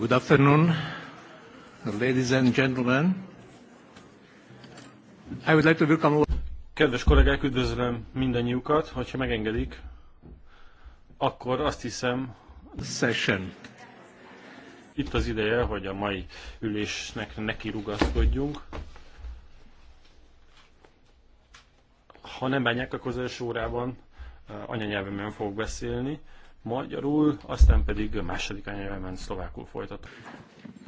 Good afternoon, ladies and gentlemen. I would like to welcome... Kedves kollégák, üdvözlöm mindannyiukat, hogyha megengedik, akkor azt hiszem... Session. Itt az ideje, hogy a mai ülésnek neki rugaszkodjunk. Ha nem bánják, akkor az első órában eh, anyanyelvemen fogok beszélni magyarul, aztán pedig a második anyanyelvemen szlovákul folytatom.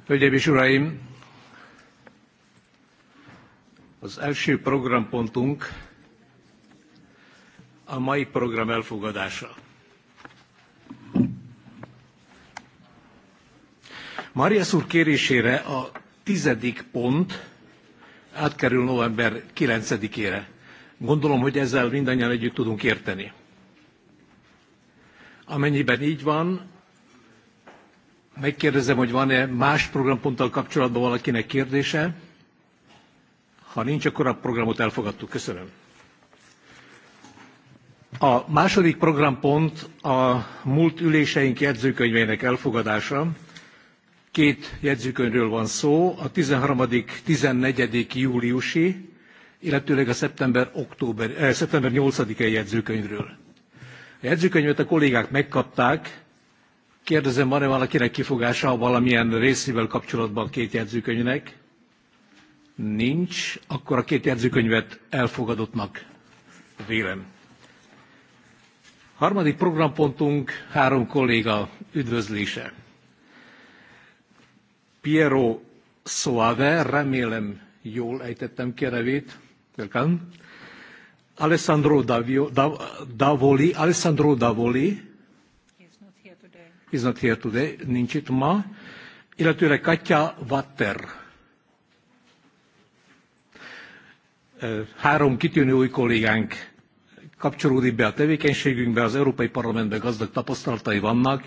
Hölgyeim és Uraim! Az első programpontunk a mai program elfogadása. Marias úr kérésére a tizedik pont átkerül november 9-ére. Gondolom, hogy ezzel mindannyian együtt tudunk érteni. Amennyiben így van, megkérdezem, hogy van-e más programponttal kapcsolatban valakinek kérdése. Ha nincs, akkor a programot elfogadtuk. Köszönöm. A második programpont a múlt üléseink jegyzőkönyvének elfogadása. Két jegyzőkönyvről van szó, a 13. 14. júliusi, illetőleg a szeptember, október, eh, szeptember 8 jegyzőkönyvről. A jegyzőkönyvet a kollégák megkapták. Kérdezem, van-e valakinek kifogása valamilyen részével kapcsolatban a két jegyzőkönyvnek? Nincs. Akkor a két jegyzőkönyvet elfogadottnak vélem. Harmadik programpontunk három kolléga üdvözlése. Piero Soave, remélem jól ejtettem ki a nevét, Welcome. Alessandro Davio, Dav, Davoli. Alessandro Davoli is not here today, nincs itt ma, illetőleg Katja Vatter. Három kitűnő új kollégánk kapcsolódik be a tevékenységünkbe, az Európai Parlamentben gazdag tapasztalatai vannak.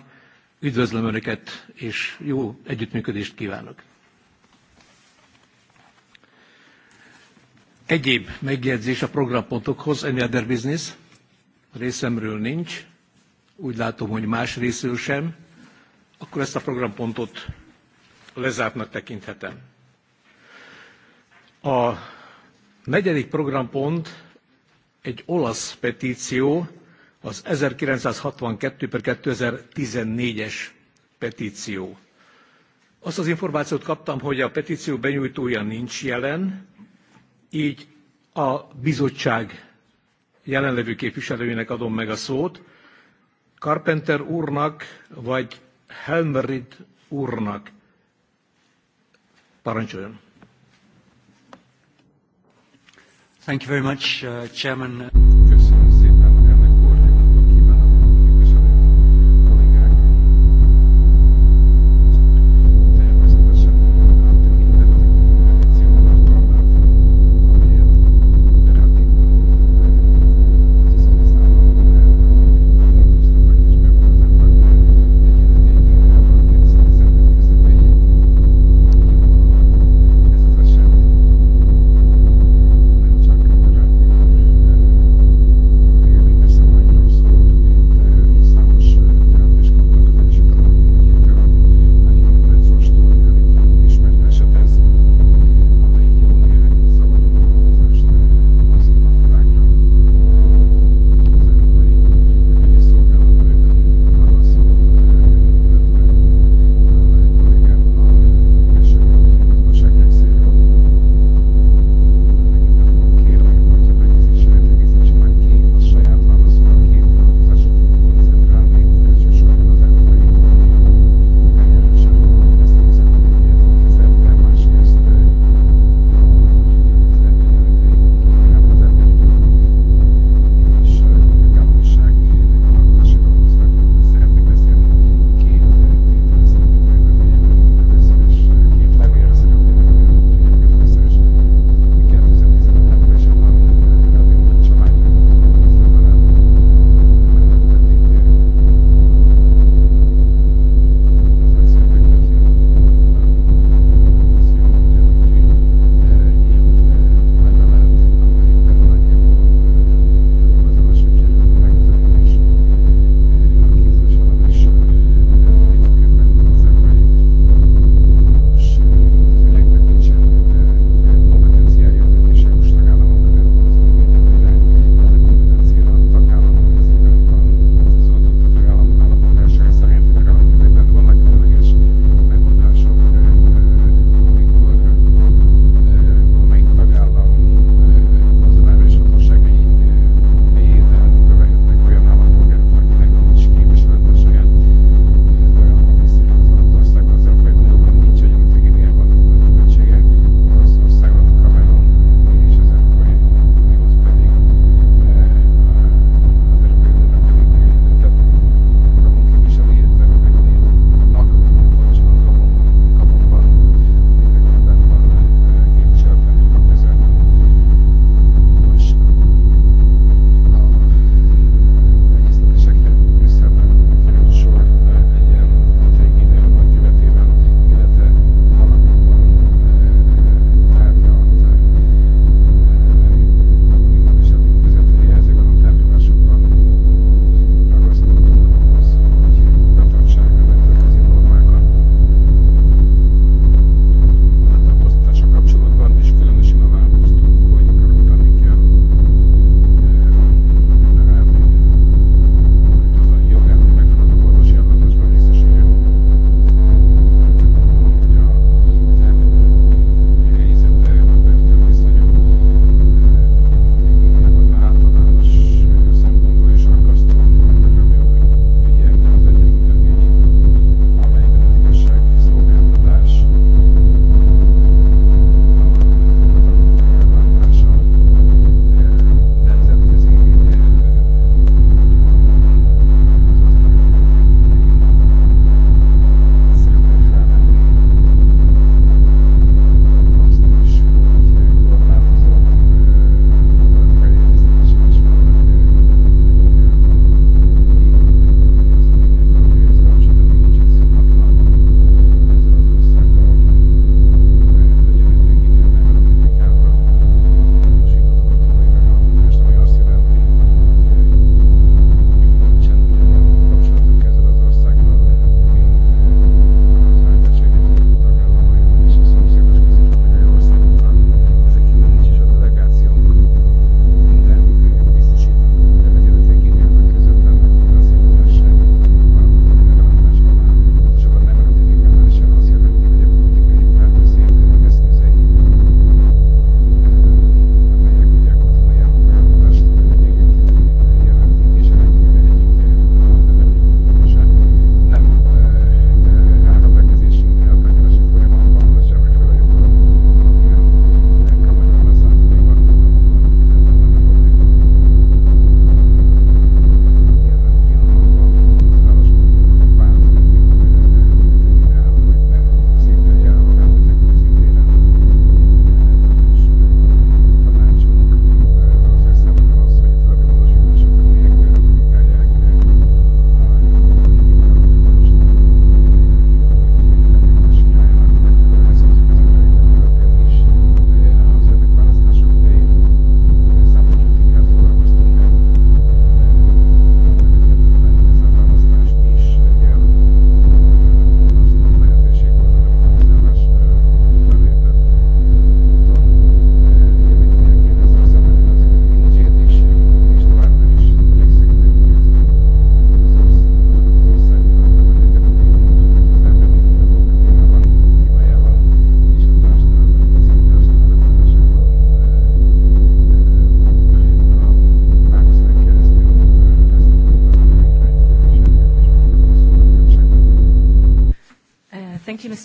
Üdvözlöm Önöket, és jó együttműködést kívánok! Egyéb megjegyzés a programpontokhoz, any other business? Részemről nincs. Úgy látom, hogy más részről sem. Akkor ezt a programpontot lezártnak tekinthetem. A negyedik programpont egy olasz petíció, az 1962 per 2014-es petíció. Azt az információt kaptam, hogy a petíció benyújtója nincs jelen, így a bizottság jelenlevő képviselőjének adom meg a szót. Carpenter úrnak, vagy Helmerid úrnak. Parancsoljon. Thank you very much, uh, Chairman.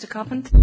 Mr. Carpenter.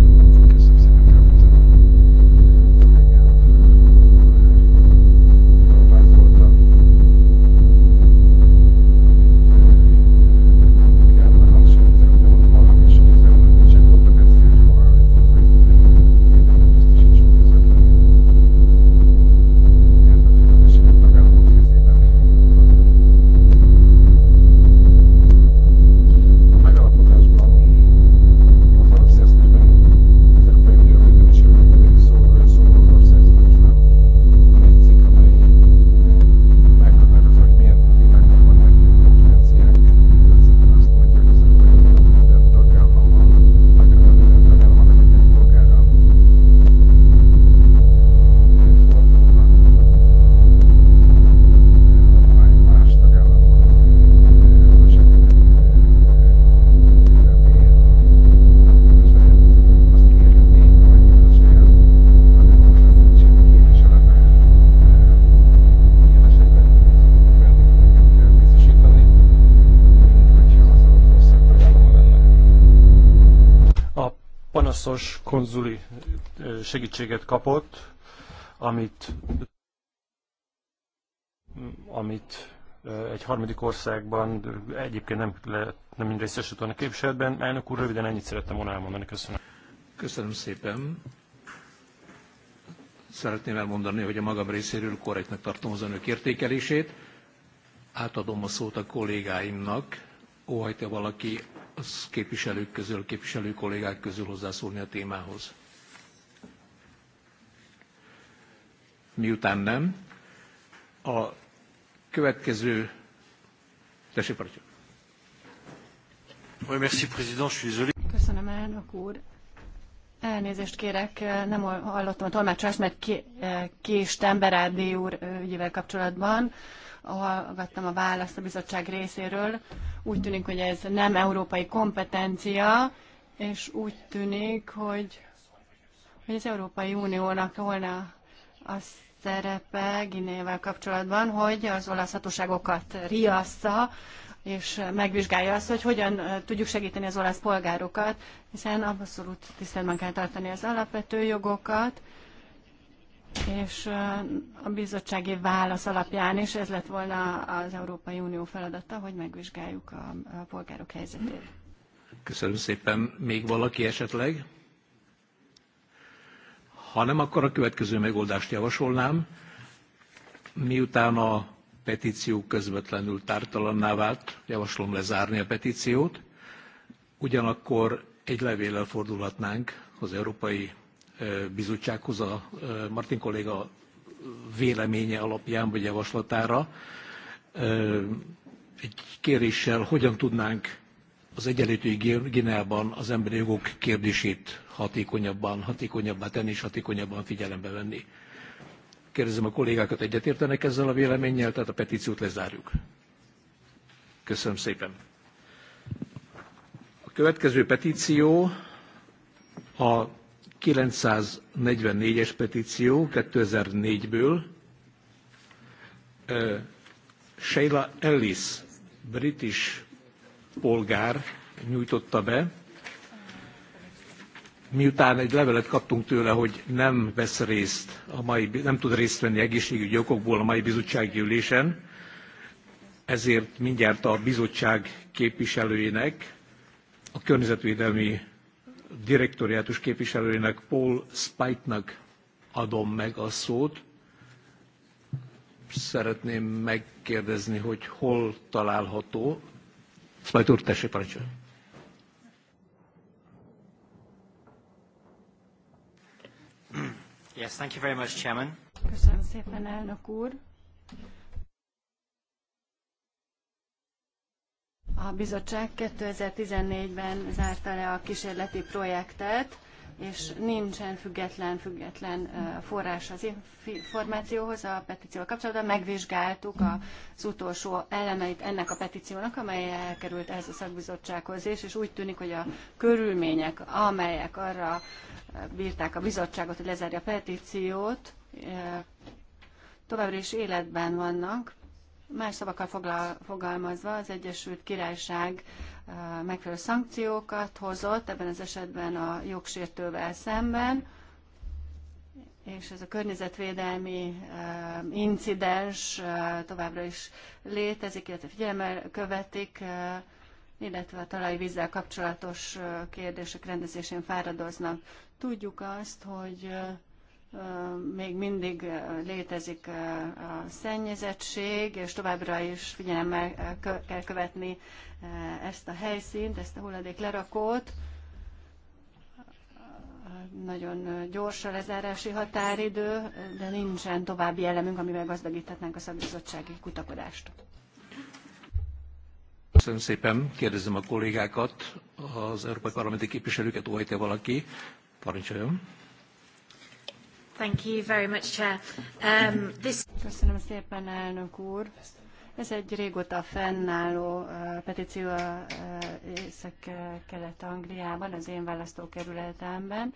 Számos konzuli segítséget kapott, amit, amit egy harmadik országban egyébként nem, lehet, nem mind részesült a képviseletben. Elnök úr, röviden ennyit szerettem volna elmondani. Köszönöm. Köszönöm szépen. Szeretném elmondani, hogy a magam részéről korrektnek tartom az önök értékelését. Átadom a szót a kollégáimnak. óhajt valaki az képviselők közül, képviselő kollégák közül hozzászólni a témához? Miután nem, a következő... Tessék, parancsolj! Köszönöm, elnök úr. Elnézést kérek, nem hallottam a tolmácsolást, mert késtem Berádi úr ügyével kapcsolatban hallgattam a választ a bizottság részéről. Úgy tűnik, hogy ez nem európai kompetencia, és úgy tűnik, hogy, hogy az Európai Uniónak volna a szerepe Ginével kapcsolatban, hogy az olasz hatóságokat riassza, és megvizsgálja azt, hogy hogyan tudjuk segíteni az olasz polgárokat, hiszen abszolút tiszteletben kell tartani az alapvető jogokat, és a bizottsági válasz alapján is ez lett volna az Európai Unió feladata, hogy megvizsgáljuk a, a polgárok helyzetét. Köszönöm szépen. Még valaki esetleg? Ha nem, akkor a következő megoldást javasolnám. Miután a petíció közvetlenül tártalanná vált, javaslom lezárni a petíciót, ugyanakkor egy levéllel fordulhatnánk az Európai bizottsághoz a Martin kolléga véleménye alapján vagy javaslatára egy kéréssel, hogyan tudnánk az egyenlítői Gineában az emberi jogok kérdését hatékonyabban, hatékonyabbá tenni és hatékonyabban figyelembe venni. Kérdezem a kollégákat, egyetértenek ezzel a véleménnyel, tehát a petíciót lezárjuk. Köszönöm szépen. A következő petíció a 944-es petíció 2004-ből Sheila Ellis, british polgár nyújtotta be, miután egy levelet kaptunk tőle, hogy nem vesz részt a mai, nem tud részt venni egészségügyi okokból a mai bizottsági ülésen, ezért mindjárt a bizottság képviselőjének, a környezetvédelmi direktoriátus képviselőjének, Paul Spite-nak adom meg a szót. Szeretném megkérdezni, hogy hol található. Spite úr, tessék, parancsoljon. Yes, thank you very much, Chairman. Köszönöm szépen, elnök úr. A bizottság 2014-ben zárta le a kísérleti projektet, és nincsen független, független forrás az információhoz a petícióval kapcsolatban. Megvizsgáltuk az utolsó elemeit ennek a petíciónak, amely elkerült ehhez a szakbizottsághoz is, és úgy tűnik, hogy a körülmények, amelyek arra bírták a bizottságot, hogy lezárja a petíciót, továbbra is életben vannak, Más szavakkal fogalmazva az Egyesült Királyság megfelelő szankciókat hozott, ebben az esetben a jogsértővel szemben, és ez a környezetvédelmi incidens továbbra is létezik, illetve figyelemmel követik, illetve a talajvízzel kapcsolatos kérdések rendezésén fáradoznak. Tudjuk azt, hogy még mindig létezik a szennyezettség, és továbbra is figyelemmel kell követni ezt a helyszínt, ezt a hulladék lerakót. Nagyon gyors a lezárási határidő, de nincsen további elemünk, amivel gazdagíthatnánk a szakbizottsági kutakodást. Köszönöm szépen, kérdezem a kollégákat, az Európai Parlamenti képviselőket óhajtja valaki. Parancsoljon! Thank you very much, Chair. Um, this... Köszönöm szépen, elnök úr. Ez egy régóta fennálló uh, petíció uh, Észak-Kelet-Angliában, az én választókerületemben.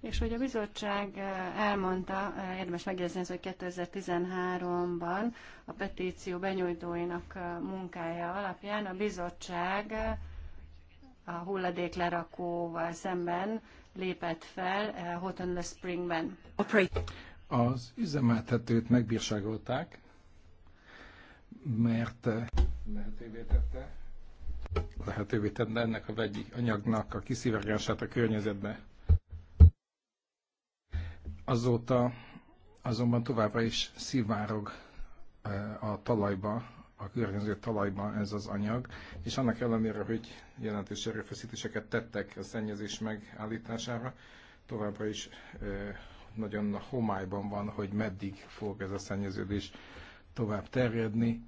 És hogy a bizottság uh, elmondta, uh, érdemes megjegyezni, hogy 2013-ban a petíció benyújtóinak uh, munkája alapján a bizottság a hulladéklerakóval szemben lépett fel eh, Houghton Le Springben. Az üzemeltetőt megbírságolták, mert eh, lehetővé tette, lehetővé tette ennek a vegyi anyagnak a kiszivárgását a környezetbe. Azóta azonban továbbra is szivárog eh, a talajba a környező talajban ez az anyag, és annak ellenére, hogy jelentős erőfeszítéseket tettek a szennyezés megállítására, továbbra is nagyon homályban van, hogy meddig fog ez a szennyeződés tovább terjedni,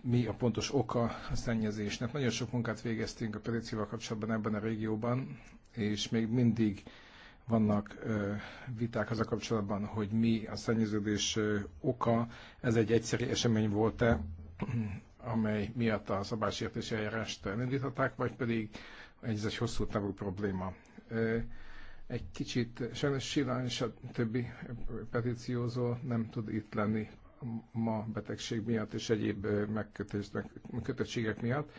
mi a pontos oka a szennyezésnek. Nagyon sok munkát végeztünk a petícióval kapcsolatban ebben a régióban, és még mindig vannak viták az a kapcsolatban, hogy mi a szennyeződés oka. Ez egy egyszerű esemény volt-e, amely miatt a szabálysértési eljárást elindították, vagy pedig ez egy hosszú távú probléma. Egy kicsit, sajnos Sila és a többi petíciózó nem tud itt lenni ma betegség miatt és egyéb megkötöttségek miatt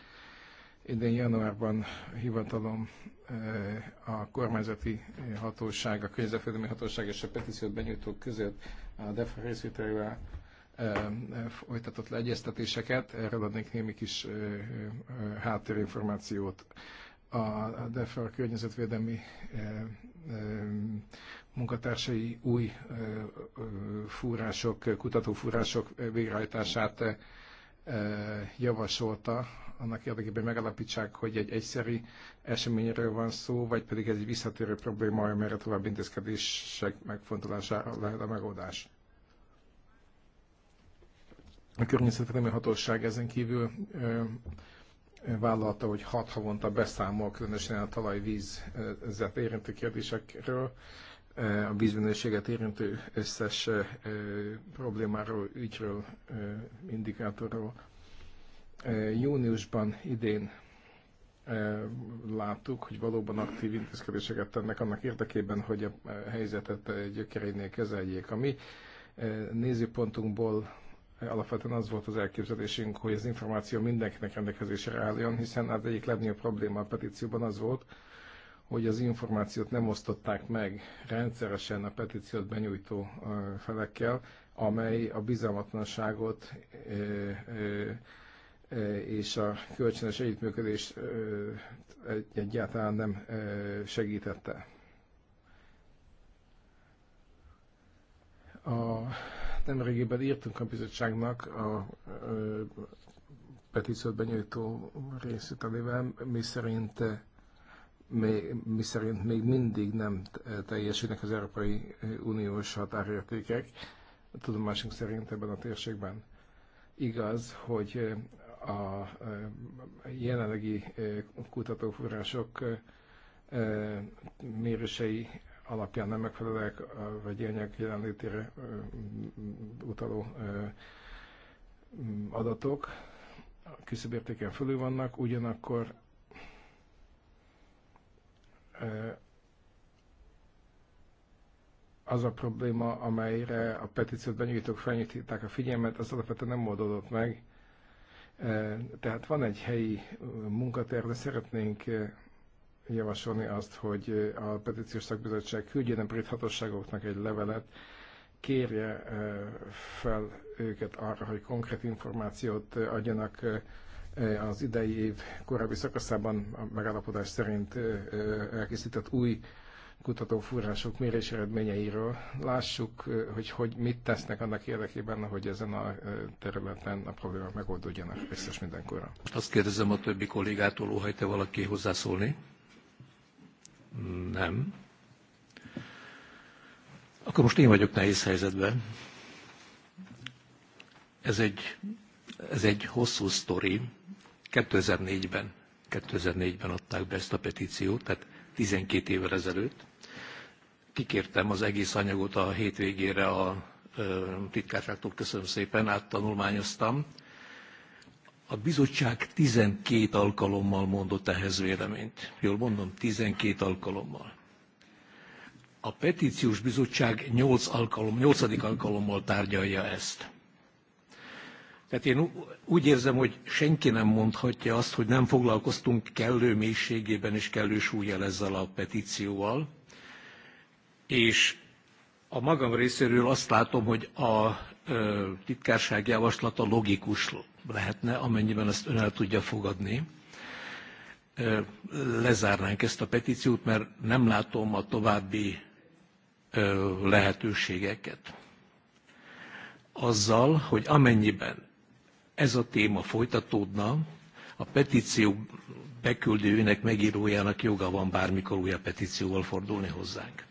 Idén januárban hivatalom eh, a kormányzati hatóság, a környezetvédelmi hatóság és a petíciót benyújtók között a DEFA részvételével eh, eh, folytatott leegyeztetéseket. Erről adnék némi kis háttérinformációt. A DEFA környezetvédelmi munkatársai új fúrások, kutatófúrások végrehajtását javasolta annak érdekében megalapítsák, hogy egy egyszeri eseményről van szó, vagy pedig ez egy visszatérő probléma, amelyre tovább intézkedések megfontolására lehet a megoldás. A környezetvédelmi hatóság ezen kívül ö, vállalta, hogy hat havonta beszámol különösen a talajvízet érintő kérdésekről, a vízminőséget érintő összes problémáról, ügyről, indikátorról. Júniusban idén láttuk, hogy valóban aktív intézkedéseket tennek annak érdekében, hogy a helyzetet gyökerénél kezeljék. A mi nézőpontunkból alapvetően az volt az elképzelésünk, hogy az információ mindenkinek rendelkezésre álljon, hiszen az egyik legnagyobb probléma a petícióban az volt, hogy az információt nem osztották meg rendszeresen a petíciót benyújtó felekkel, amely a bizalmatlanságot és a kölcsönös együttműködés egyáltalán nem segítette. A nemrégében írtunk a bizottságnak a petíciót benyújtó részvételével, mi szerint mi szerint még mindig nem teljesülnek az Európai Uniós határértékek, tudomásunk szerint ebben a térségben. Igaz, hogy a jelenlegi e, kutatóforrások e, e, mérései alapján nem megfelelőek vagy vegyi jelenlétére utaló adatok küszöbértéken fölül vannak, ugyanakkor az a probléma, amelyre a petíciót benyújtók felnyitották a figyelmet, az alapvetően nem oldódott meg, tehát van egy helyi munkaterv, de szeretnénk javasolni azt, hogy a petíciós szakbizottság küldjön a brit hatóságoknak egy levelet, kérje fel őket arra, hogy konkrét információt adjanak az idei év korábbi szakaszában a megállapodás szerint elkészített új kutatóforrások mérés eredményeiről. Lássuk, hogy, hogy mit tesznek annak érdekében, hogy ezen a területen a problémák megoldódjanak biztos mindenkorra. Azt kérdezem a többi kollégától, hogy te valaki hozzászólni? Nem. Akkor most én vagyok nehéz helyzetben. Ez egy, ez egy hosszú sztori. 2004-ben 2004-ben adták be ezt a petíciót, tehát 12 évvel ezelőtt. Kikértem az egész anyagot a hétvégére a titkárságtól, köszönöm szépen, áttanulmányoztam. A bizottság 12 alkalommal mondott ehhez véleményt. Jól mondom, 12 alkalommal. A petíciós bizottság 8 alkalom, 8. alkalommal tárgyalja ezt. Tehát én úgy érzem, hogy senki nem mondhatja azt, hogy nem foglalkoztunk kellő mélységében és kellő súlyjal ezzel a petícióval. És a magam részéről azt látom, hogy a titkárság javaslata logikus lehetne, amennyiben ezt ön el tudja fogadni. Lezárnánk ezt a petíciót, mert nem látom a további lehetőségeket. Azzal, hogy amennyiben ez a téma folytatódna, a petíció beküldőjének, megírójának joga van bármikor újabb petícióval fordulni hozzánk.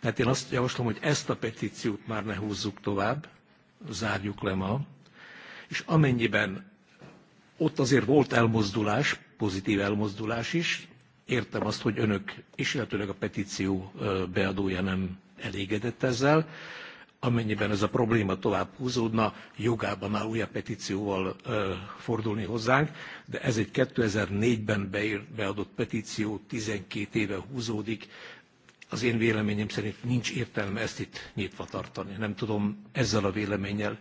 Tehát én azt javaslom, hogy ezt a petíciót már ne húzzuk tovább, zárjuk le ma, és amennyiben ott azért volt elmozdulás, pozitív elmozdulás is, értem azt, hogy önök, és illetőleg a petíció beadója nem elégedett ezzel, amennyiben ez a probléma tovább húzódna, jogában áll újabb petícióval ö, fordulni hozzánk, de ez egy 2004-ben beadott petíció 12 éve húzódik. Az én véleményem szerint nincs értelme ezt itt nyitva tartani. Nem tudom, ezzel a véleménnyel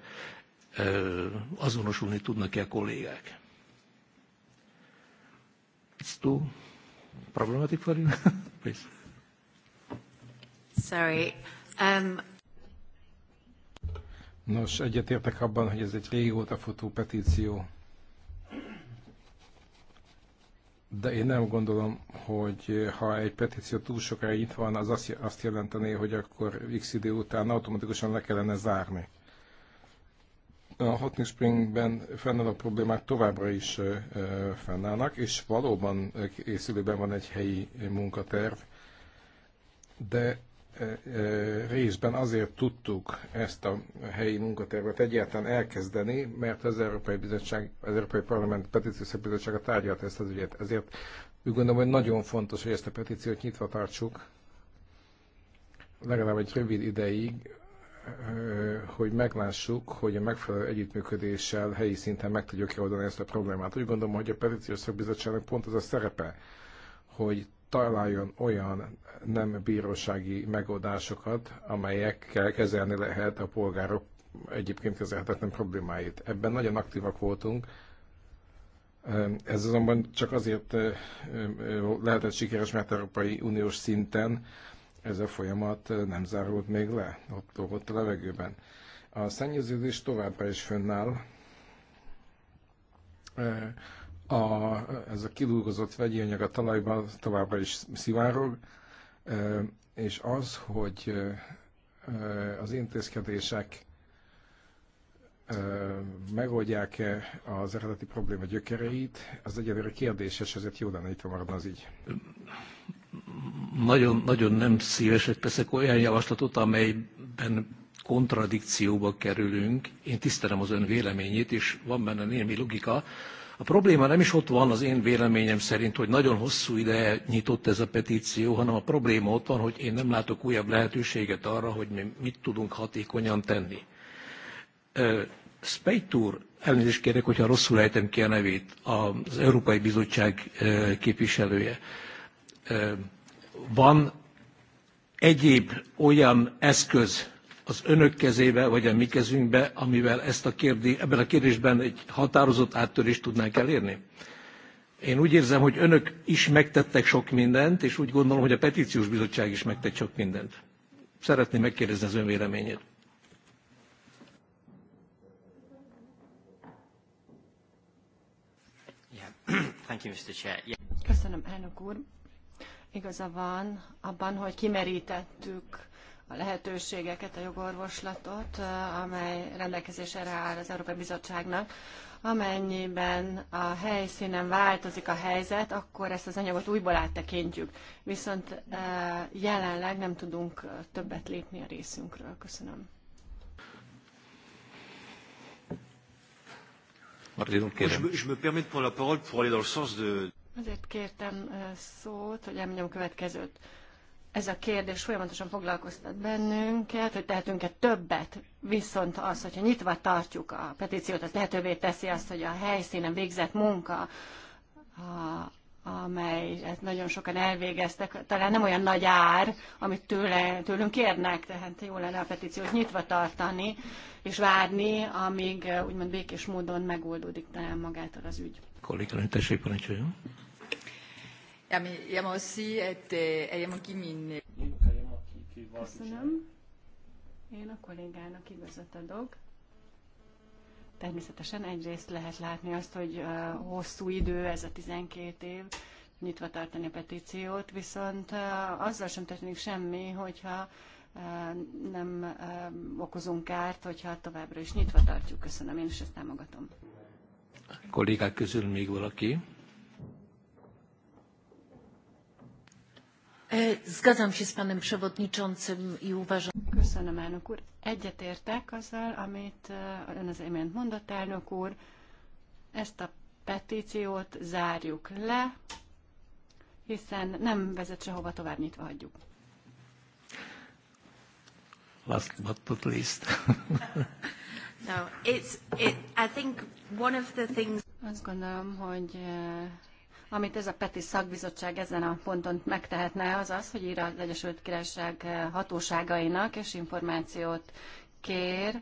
ö, azonosulni tudnak-e a kollégák. It's too problematic for you, please. Sorry. Um, Nos, egyetértek abban, hogy ez egy régóta futó petíció. De én nem gondolom, hogy ha egy petíció túl sokáig itt van, az azt jelentené, hogy akkor x idő után automatikusan le kellene zárni. A Hotning Springben a problémák továbbra is fennállnak, és valóban készülőben van egy helyi munkaterv, de részben azért tudtuk ezt a helyi munkatervet egyáltalán elkezdeni, mert az Európai Bizottság, az Európai Parlament Petíciószak Bizottsága tárgyalta ezt az ügyet. Ezért úgy gondolom, hogy nagyon fontos, hogy ezt a petíciót nyitva tartsuk, legalább egy rövid ideig, hogy meglássuk, hogy a megfelelő együttműködéssel helyi szinten meg tudjuk oldani ezt a problémát. Úgy gondolom, hogy a petíciószak bizottságnak pont az a szerepe, hogy találjon olyan nem bírósági megoldásokat, amelyekkel kezelni lehet a polgárok egyébként kezelhetetlen problémáit. Ebben nagyon aktívak voltunk. Ez azonban csak azért lehetett sikeres, mert Európai Uniós szinten ez a folyamat nem zárult még le, ott ott a levegőben. A szennyeződés továbbra is fönnáll a, ez a kidolgozott vegyi anyag a talajban továbbra is szivárog, és az, hogy az intézkedések megoldják-e az eredeti probléma gyökereit, az egyelőre kérdéses, ezért jó lenne itt maradna az így. Nagyon, nagyon nem szívesek teszek olyan javaslatot, amelyben kontradikcióba kerülünk. Én tisztelem az ön véleményét, és van benne némi logika, a probléma nem is ott van az én véleményem szerint, hogy nagyon hosszú ideje nyitott ez a petíció, hanem a probléma ott van, hogy én nem látok újabb lehetőséget arra, hogy mi mit tudunk hatékonyan tenni. Spejtúr, elnézést kérek, hogyha rosszul ejtem ki a nevét, az Európai Bizottság képviselője. Van egyéb olyan eszköz, az önök kezébe, vagy a mi kezünkbe, amivel ezt a kérdés, ebben a kérdésben egy határozott áttörést tudnánk elérni? Én úgy érzem, hogy önök is megtettek sok mindent, és úgy gondolom, hogy a petíciós bizottság is megtett sok mindent. Szeretném megkérdezni az ön véleményét. Köszönöm, elnök úr. Igaza van abban, hogy kimerítettük a lehetőségeket, a jogorvoslatot, eh, amely rendelkezésre áll az Európai Bizottságnak. Amennyiben a helyszínen változik a helyzet, akkor ezt az anyagot újból áttekintjük. Viszont eh, jelenleg nem tudunk eh, többet lépni a részünkről. Köszönöm. Azért kértem szót, hogy elmondjam a következőt ez a kérdés folyamatosan foglalkoztat bennünket, hogy tehetünk-e többet, viszont az, hogyha nyitva tartjuk a petíciót, az lehetővé teszi azt, hogy a helyszínen végzett munka, a, amelyet nagyon sokan elvégeztek, talán nem olyan nagy ár, amit tőle, tőlünk kérnek, tehát jó lenne a petíciót nyitva tartani, és várni, amíg úgymond békés módon megoldódik talán magától az ügy. Kollégálni, tessék parancsoljon. E e Köszönöm. Én a kollégának igazat adok. Természetesen egyrészt lehet látni azt, hogy hosszú idő, ez a 12 év, nyitva tartani a petíciót, viszont azzal sem történik semmi, hogyha nem okozunk kárt, hogyha továbbra is nyitva tartjuk. Köszönöm, én is ezt támogatom. A kollégák közül még valaki? E, zgadzam się z panem przewodniczącym i uważam... Köszönöm, elnök úr. Egyetértek azzal, amit e, ön az imént mondott, elnök úr. Ezt a petíciót zárjuk le, hiszen nem vezet sehova tovább nyitva hagyjuk. Last but not least. no, it's, it, I think one of the things... Azt gondolom, hogy e, amit ez a PETI szakbizottság ezen a ponton megtehetne, az az, hogy ír az Egyesült Királyság eh, hatóságainak, és információt kér,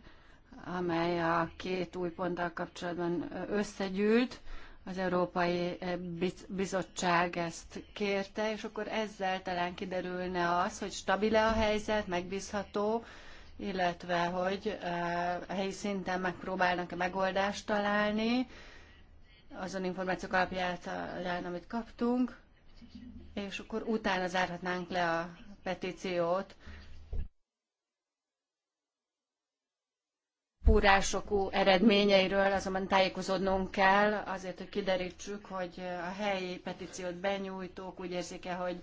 amely a két új ponttal kapcsolatban eh, összegyűlt. Az Európai eh, Bizottság ezt kérte, és akkor ezzel talán kiderülne az, hogy stabile a helyzet, megbízható, illetve hogy helyi szinten megpróbálnak e megoldást találni, azon információk alapján, amit kaptunk, és akkor utána zárhatnánk le a petíciót. Púrások eredményeiről azonban tájékozódnunk kell, azért, hogy kiderítsük, hogy a helyi petíciót benyújtók úgy érzik-e, hogy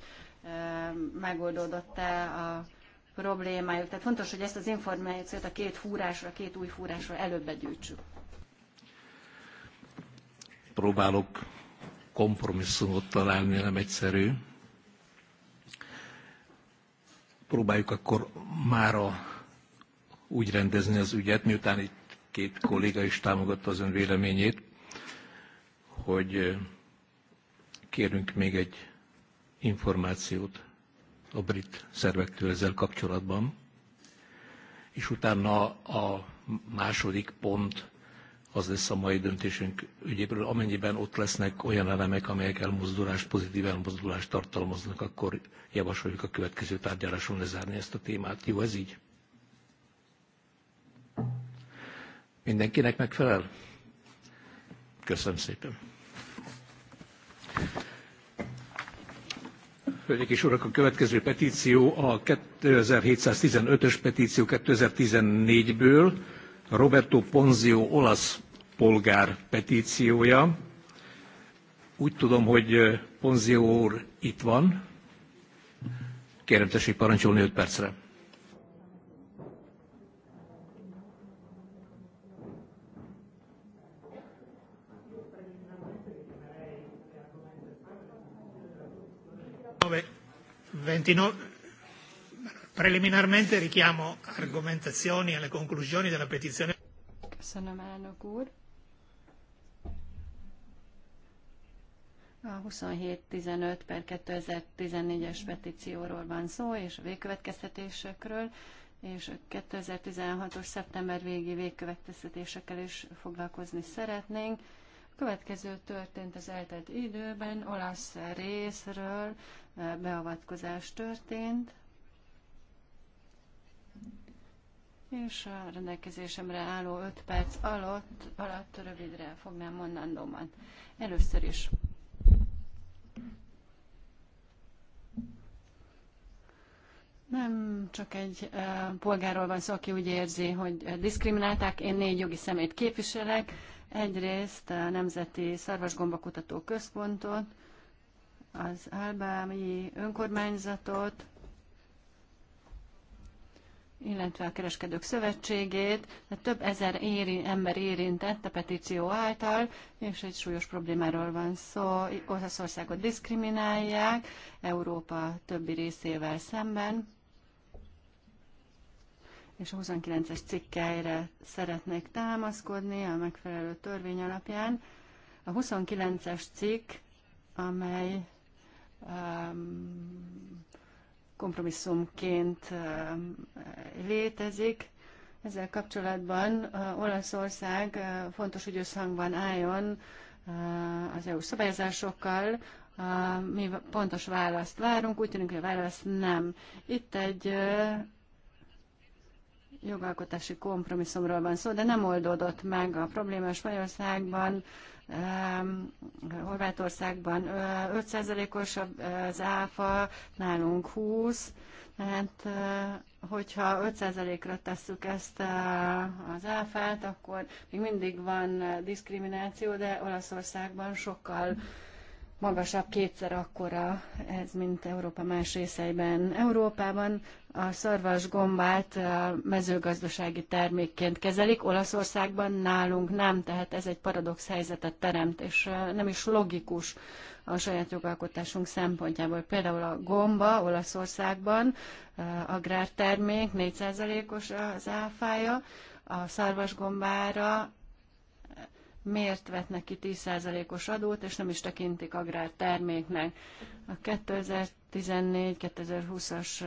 megoldódott-e a problémájuk. Tehát fontos, hogy ezt az információt a két fúrásra, a két új fúrásra előbb begyűjtsük próbálok kompromisszumot találni, nem egyszerű. Próbáljuk akkor mára úgy rendezni az ügyet, miután itt két kolléga is támogatta az ön véleményét, hogy kérünk még egy információt a brit szervektől ezzel kapcsolatban, és utána a második pont az lesz a mai döntésünk ügyéből. Amennyiben ott lesznek olyan elemek, amelyek elmozdulást, pozitív elmozdulást tartalmaznak, akkor javasoljuk a következő tárgyaláson lezárni ezt a témát. Jó, ez így? Mindenkinek megfelel? Köszönöm szépen. Hölgyek és urak, a következő petíció a 2715-ös petíció 2014-ből. Roberto Ponzio olasz polgár petíciója. Úgy tudom, hogy Ponzió úr itt van. Kérem, tessék parancsolni 5 percre. Preliminarmente richiamo argomentazioni alle conclusioni della petizione. Köszönöm, elnök úr. A 2715 per 2014-es petícióról van szó, és a végkövetkeztetésekről, és 2016-os szeptember végi végkövetkeztetésekkel is foglalkozni szeretnénk. A következő történt az eltelt időben, olasz részről eh, beavatkozás történt, és a rendelkezésemre álló 5 perc alatt, alatt rövidre fognám mondandómat. Először is Nem csak egy polgárról van szó, aki úgy érzi, hogy diszkriminálták. Én négy jogi szemét képviselek. Egyrészt a Nemzeti Szarvasgombakutató Központot, az Albámi önkormányzatot, illetve a Kereskedők Szövetségét, de több ezer éri, ember érintett a petíció által, és egy súlyos problémáról van szó. Oroszországot diszkriminálják Európa többi részével szemben és a 29-es cikkeire szeretnék támaszkodni a megfelelő törvény alapján. A 29-es cikk, amely um, kompromisszumként um, létezik, ezzel kapcsolatban uh, Olaszország uh, fontos, hogy összhangban álljon uh, az EU szabályozásokkal, uh, mi pontos választ várunk, úgy tűnik, hogy a válasz nem. Itt egy uh, jogalkotási kompromisszumról van szó, de nem oldódott meg a probléma Spanyolországban, Horvátországban 5%-os az áfa, nálunk 20, tehát hogyha 5%-ra tesszük ezt az áfát, akkor még mindig van diszkrimináció, de Olaszországban sokkal magasabb, kétszer akkora ez, mint Európa más részeiben. Európában a gombát mezőgazdasági termékként kezelik, Olaszországban nálunk nem, tehát ez egy paradox helyzetet teremt, és nem is logikus a saját jogalkotásunk szempontjából. Például a gomba Olaszországban agrártermék, 4%-os az áfája, a gombára miért vetnek ki 10%-os adót, és nem is tekintik agrárterméknek. A 2000 2014-2020-as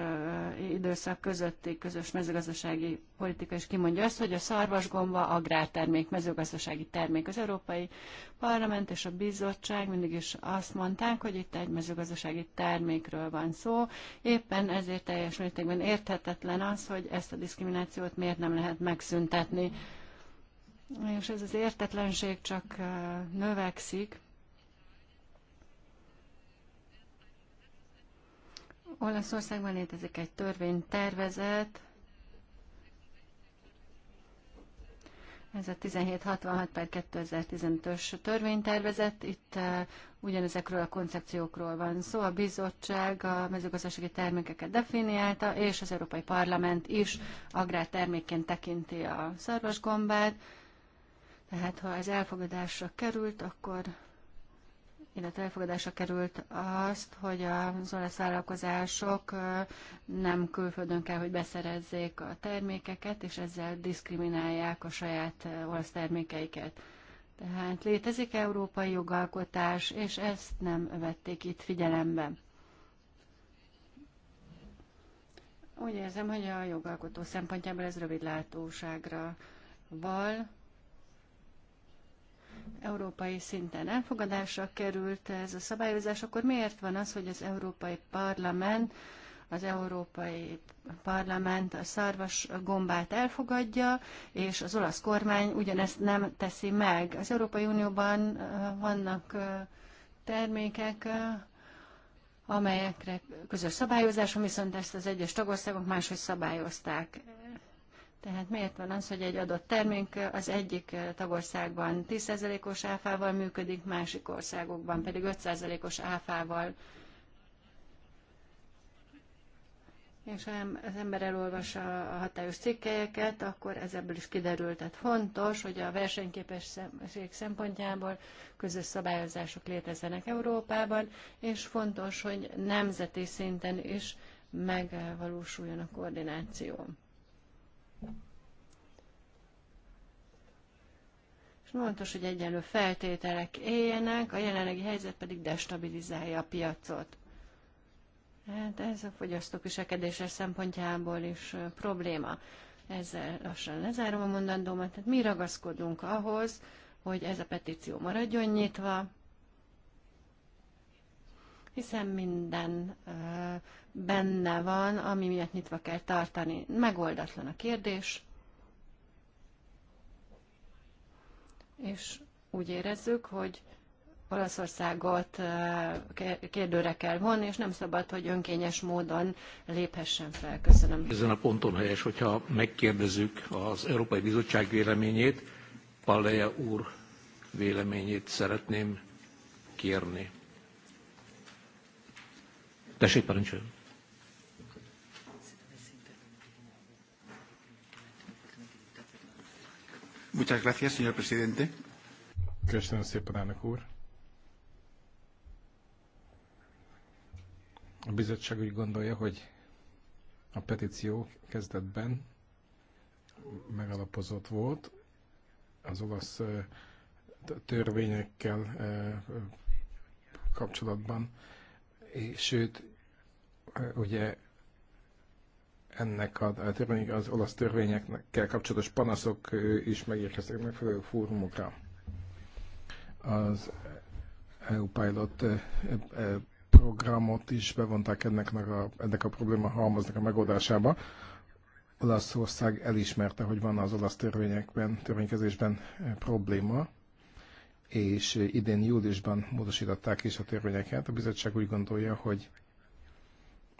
időszak közötti közös mezőgazdasági politika is kimondja azt, hogy a szarvasgomba agrártermék, mezőgazdasági termék. Az Európai Parlament és a Bizottság mindig is azt mondták, hogy itt egy mezőgazdasági termékről van szó. Éppen ezért teljes mértékben érthetetlen az, hogy ezt a diszkriminációt miért nem lehet megszüntetni. És ez az értetlenség csak növekszik, Olaszországban létezik egy törvénytervezet, ez a 1766 per 2015-ös törvénytervezet, itt eh, ugyanezekről a koncepciókról van szó. A bizottság a mezőgazdasági termékeket definiálta, és az Európai Parlament is agrártermékként tekinti a szarvasgombát. Tehát ha ez elfogadásra került, akkor illetve elfogadásra került azt, hogy az olasz vállalkozások nem külföldön kell, hogy beszerezzék a termékeket, és ezzel diszkriminálják a saját olasz termékeiket. Tehát létezik európai jogalkotás, és ezt nem vették itt figyelembe. Úgy érzem, hogy a jogalkotó szempontjából ez rövidlátóságra val, európai szinten elfogadásra került ez a szabályozás, akkor miért van az, hogy az Európai Parlament az Európai Parlament a szarvas gombát elfogadja, és az olasz kormány ugyanezt nem teszi meg. Az Európai Unióban eh, vannak eh, termékek, eh, amelyekre közös szabályozás viszont ezt az egyes tagországok máshogy szabályozták. Tehát miért van az, hogy egy adott termék az egyik eh, tagországban 10%-os áfával működik, másik országokban pedig 5%-os áfával és ha az ember elolvassa a hatályos cikkelyeket, akkor ez ebből is kiderül. Tehát fontos, hogy a versenyképesség szempontjából közös szabályozások létezzenek Európában, és fontos, hogy nemzeti szinten is megvalósuljon a koordináció. és fontos, hogy egyenlő feltételek éljenek, a jelenlegi helyzet pedig destabilizálja a piacot. Hát ez a fogyasztók viselkedése szempontjából is probléma. Ezzel lassan lezárom a mondandómat. Tehát mi ragaszkodunk ahhoz, hogy ez a petíció maradjon nyitva, hiszen minden benne van, ami miatt nyitva kell tartani. Megoldatlan a kérdés. és úgy érezzük, hogy Olaszországot eh, kérdőre kell vonni, és nem szabad, hogy önkényes módon léphessen fel. Köszönöm. Ezen a ponton helyes, hogyha megkérdezzük az Európai Bizottság véleményét, Palleja úr véleményét szeretném kérni. Tessék, parancsoljon. Muchas gracias, señor presidente. Köszönöm szépen, elnök úr. A bizottság úgy gondolja, hogy a petíció kezdetben megalapozott volt, az olasz törvényekkel kapcsolatban, és sőt, ugye ennek a, a törvény, az olasz törvényekkel kapcsolatos panaszok is megérkeztek megfelelő fórumokra. Az EU Pilot programot is bevonták ennek a, ennek a probléma halmaznak a megoldásába. Olaszország elismerte, hogy van az olasz törvényekben, törvénykezésben probléma, és idén júliusban módosították is a törvényeket. A bizottság úgy gondolja, hogy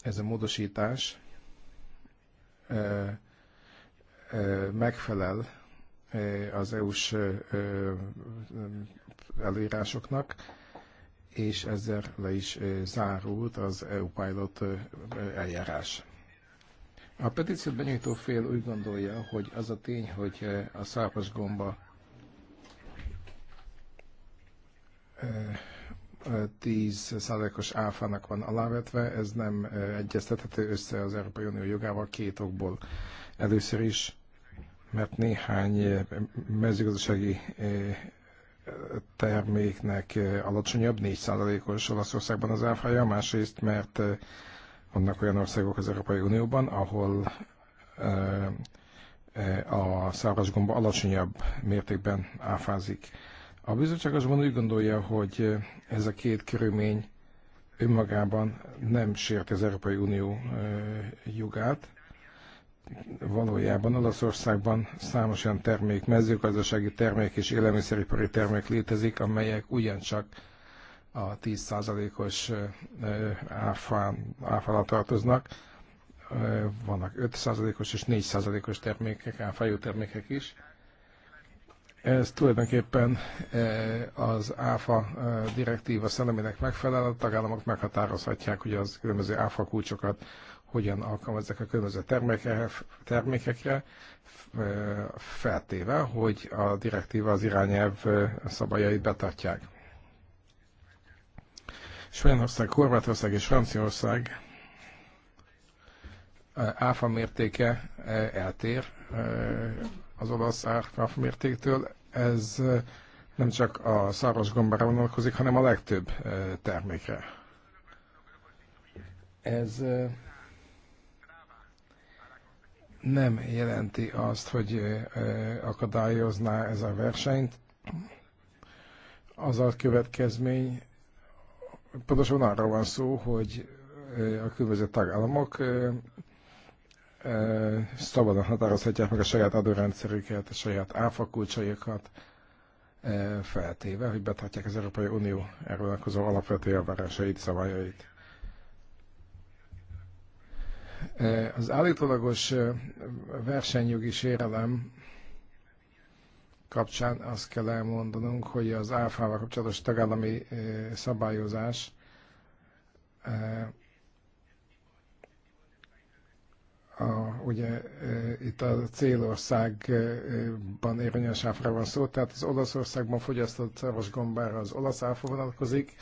ez a módosítás megfelel az EU-s előírásoknak, és ezzel le is zárult az EU Pilot eljárás. A petíciót benyújtó fél úgy gondolja, hogy az a tény, hogy a szápas gomba 10 százalékos áfának van alávetve, ez nem egyeztethető össze az Európai Unió jogával két okból. Először is, mert néhány mezőgazdasági terméknek alacsonyabb, 4 százalékos Olaszországban az áfája, másrészt, mert vannak olyan országok az Európai Unióban, ahol a szárazgomba alacsonyabb mértékben áfázik a bizottság azonban úgy gondolja, hogy eh, ez a két körülmény önmagában nem sérti az Európai Unió eh, jogát. Valójában Olaszországban számos olyan termék, mezőgazdasági termék és élelmiszeripari termék létezik, amelyek ugyancsak a 10%-os eh, áfán, áfára tartoznak. Vannak 5%-os és 4%-os termékek, áfajú termékek is ez tulajdonképpen e, az ÁFA e, direktíva szellemének megfelel, a tagállamok meghatározhatják, hogy az különböző ÁFA kulcsokat hogyan alkalmazzák a különböző termékekre, termékekre feltéve, hogy a direktíva az irányelv e, szabályait betartják. Svédország, Horvátország és Franciaország áfa mértéke eltér az olasz árfáf mértéktől, ez nem csak a száros gombára vonatkozik, hanem a legtöbb termékre. Ez nem jelenti azt, hogy akadályozná ez a versenyt. Az a következmény, pontosan arra van szó, hogy a különböző tagállamok szabadon határozhatják meg a saját adórendszerüket, a saját áfakulcsaikat, feltéve, hogy betartják az Európai Unió erről alapvető elvárásait, szabályait. Az állítólagos versenyjogi sérelem kapcsán azt kell elmondanunk, hogy az áfával kapcsolatos tagállami szabályozás a, ugye e, itt a célországban érvényes áfra van szó, tehát az Olaszországban fogyasztott szaros gombára az olasz áfa vonatkozik,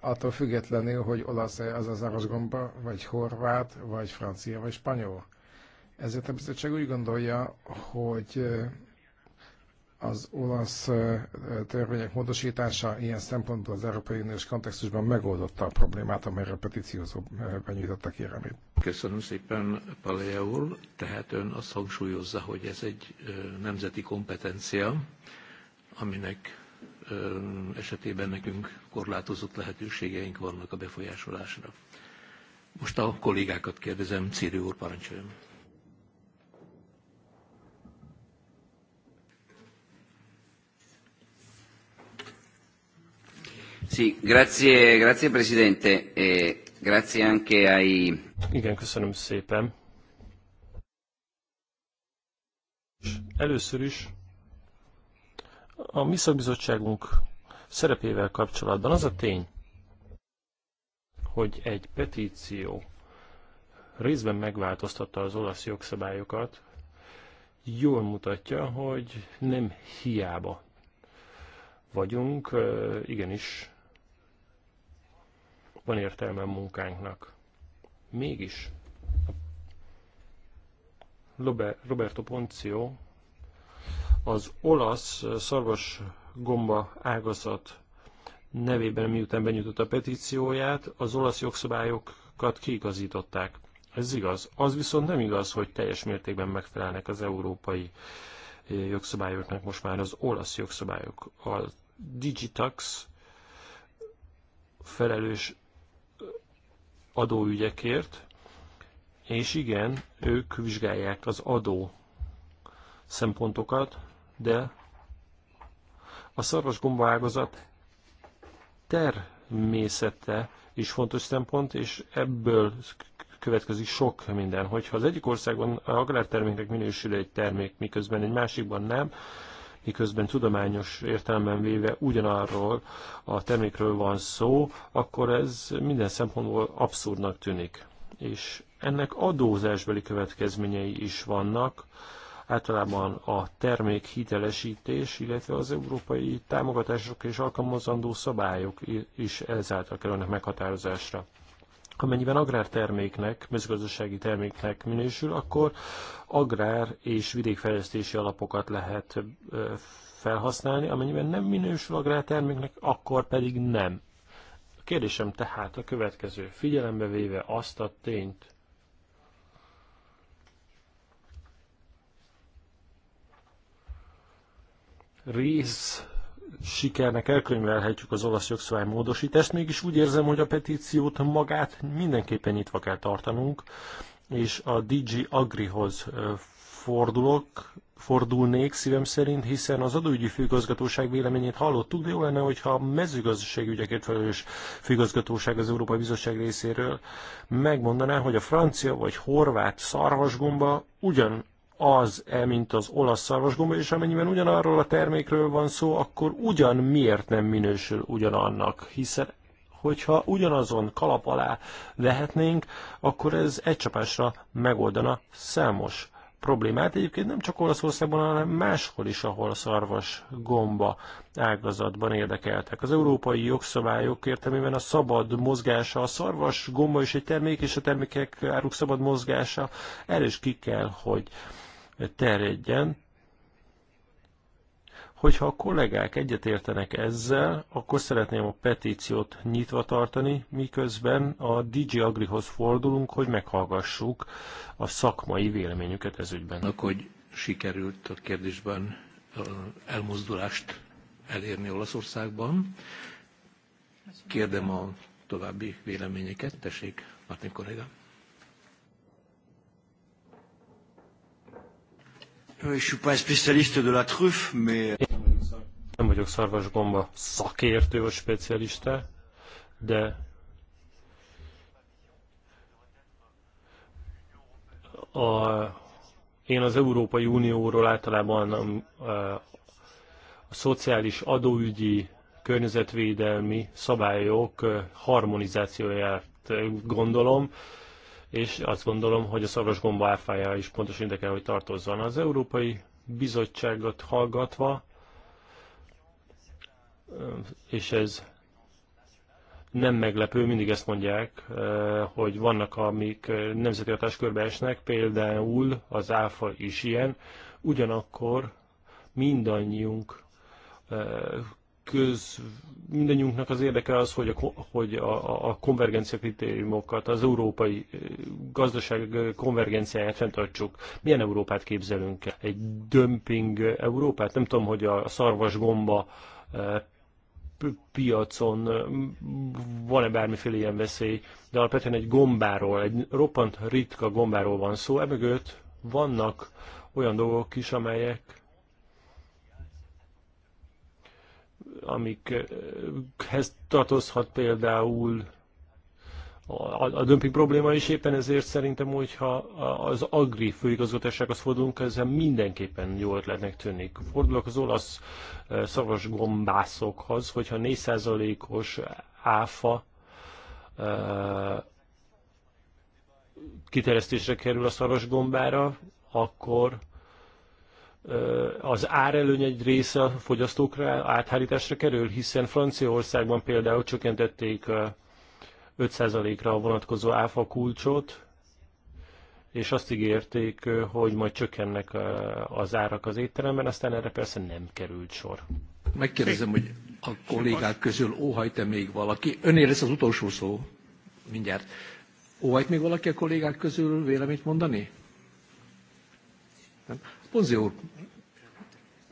attól függetlenül, hogy olasz -e az az szaros gomba, vagy horvát, vagy francia, vagy spanyol. Ezért a bizottság úgy gondolja, hogy e, az olasz törvények módosítása ilyen szempontból az Európai Uniós kontextusban megoldotta a problémát, amelyre a petíciózó benyújtotta kérelmét. Köszönöm szépen, Palea úr. Tehát ön azt hangsúlyozza, hogy ez egy nemzeti kompetencia, aminek esetében nekünk korlátozott lehetőségeink vannak a befolyásolásra. Most a kollégákat kérdezem, Círi úr parancsoljon. Sì, grazie, grazie Presidente, e grazie anche ai... Igen, köszönöm szépen. Először is a mi szakbizottságunk szerepével kapcsolatban az a tény, hogy egy petíció részben megváltoztatta az olasz jogszabályokat, jól mutatja, hogy nem hiába vagyunk, igenis van értelme a munkánknak. Mégis Roberto Poncio az olasz szarvas gomba ágazat nevében miután benyújtott a petícióját, az olasz jogszabályokat kiigazították. Ez igaz. Az viszont nem igaz, hogy teljes mértékben megfelelnek az európai eh, jogszabályoknak most már az olasz jogszabályok. A Digitax felelős adóügyekért, és igen, ők vizsgálják az adó szempontokat, de a szarvas gombaágazat természete is fontos szempont, és ebből következik sok minden. Hogyha az egyik országban agrárterméknek minősül egy termék, miközben egy másikban nem, miközben tudományos értelemben véve ugyanarról a termékről van szó, akkor ez minden szempontból abszurdnak tűnik. És ennek adózásbeli következményei is vannak, általában a termék hitelesítés, illetve az európai támogatások és alkalmazandó szabályok is ezáltal kerülnek meghatározásra. Amennyiben agrárterméknek, mezőgazdasági terméknek minősül, akkor agrár és vidékfejlesztési alapokat lehet felhasználni, amennyiben nem minősül agrárterméknek, akkor pedig nem. A kérdésem tehát a következő. Figyelembe véve azt a tényt, rész sikernek elkönyvelhetjük az olasz jogszabály módosítást, mégis úgy érzem, hogy a petíciót magát mindenképpen nyitva kell tartanunk, és a DG Agrihoz fordulok, fordulnék szívem szerint, hiszen az adóügyi főigazgatóság véleményét hallottuk, de jó lenne, hogyha a mezőgazdasági ügyekért felelős főigazgatóság az Európai Bizottság részéről megmondaná, hogy a francia vagy horvát szarvasgomba ugyan az-e, mint az olasz szarvasgomba, és amennyiben ugyanarról a termékről van szó, akkor ugyan miért nem minősül ugyanannak, hiszen hogyha ugyanazon kalap alá lehetnénk, akkor ez egy csapásra megoldana számos problémát. Egyébként nem csak Olaszországban, hanem máshol is, ahol a szarvas gomba ágazatban érdekeltek. Az európai jogszabályok értelmében a szabad mozgása, a szarvas gomba is egy termék, és a termékek áruk szabad mozgása, erős is ki kell, hogy terjedjen. Hogyha a kollégák egyetértenek ezzel, akkor szeretném a petíciót nyitva tartani, miközben a DJ Agrihoz fordulunk, hogy meghallgassuk a szakmai véleményüket ezügyben. Annak, hogy sikerült a kérdésben elmozdulást elérni Olaszországban. Kérdem a további véleményeket. Tessék, Martin kollégám. Euh, euh, Nem vagyok szarvasgomba szakértő vagy specialista, de a, én az Európai Unióról általában a, um, a, uh, a szociális adóügyi környezetvédelmi szabályok uh, harmonizációját uh, gondolom és azt gondolom, hogy a szaros gomba áfája is pontosan ide kell, hogy tartozzon. Az Európai Bizottságot hallgatva, és ez nem meglepő, mindig ezt mondják, eh, hogy vannak, amik eh, nemzeti hatáskörbe esnek, például az áfa is ilyen, ugyanakkor mindannyiunk eh, köz, mindannyiunknak az érdeke az, hogy a, hogy a, a konvergencia kritériumokat, az európai gazdaság konvergenciáját fenntartsuk. Milyen Európát képzelünk? Egy dömping Európát? Nem tudom, hogy a szarvasgomba piacon van-e bármiféle ilyen veszély, de alapvetően egy gombáról, egy roppant ritka gombáról van szó, emögött vannak olyan dolgok is, amelyek amikhez tartozhat például a, a dömping probléma is éppen ezért szerintem, hogyha az Agri az fordulunk, ezzel mindenképpen jó ötletnek tűnik. Fordulok az olasz eh, szavas gombászokhoz, hogyha 4%-os áfa eh, kiterjesztésre kerül a gombára, akkor az árelőny egy része a fogyasztókra áthárításra kerül, hiszen Franciaországban például csökkentették 5%-ra a vonatkozó áfa kulcsot, és azt ígérték, hogy majd csökkennek az árak az étteremben, aztán erre persze nem került sor. Megkérdezem, hogy a kollégák közül óhajt-e még valaki? Önél lesz az utolsó szó, mindjárt. Óhajt még valaki a kollégák közül véleményt mondani? Nem? Ponzi úr,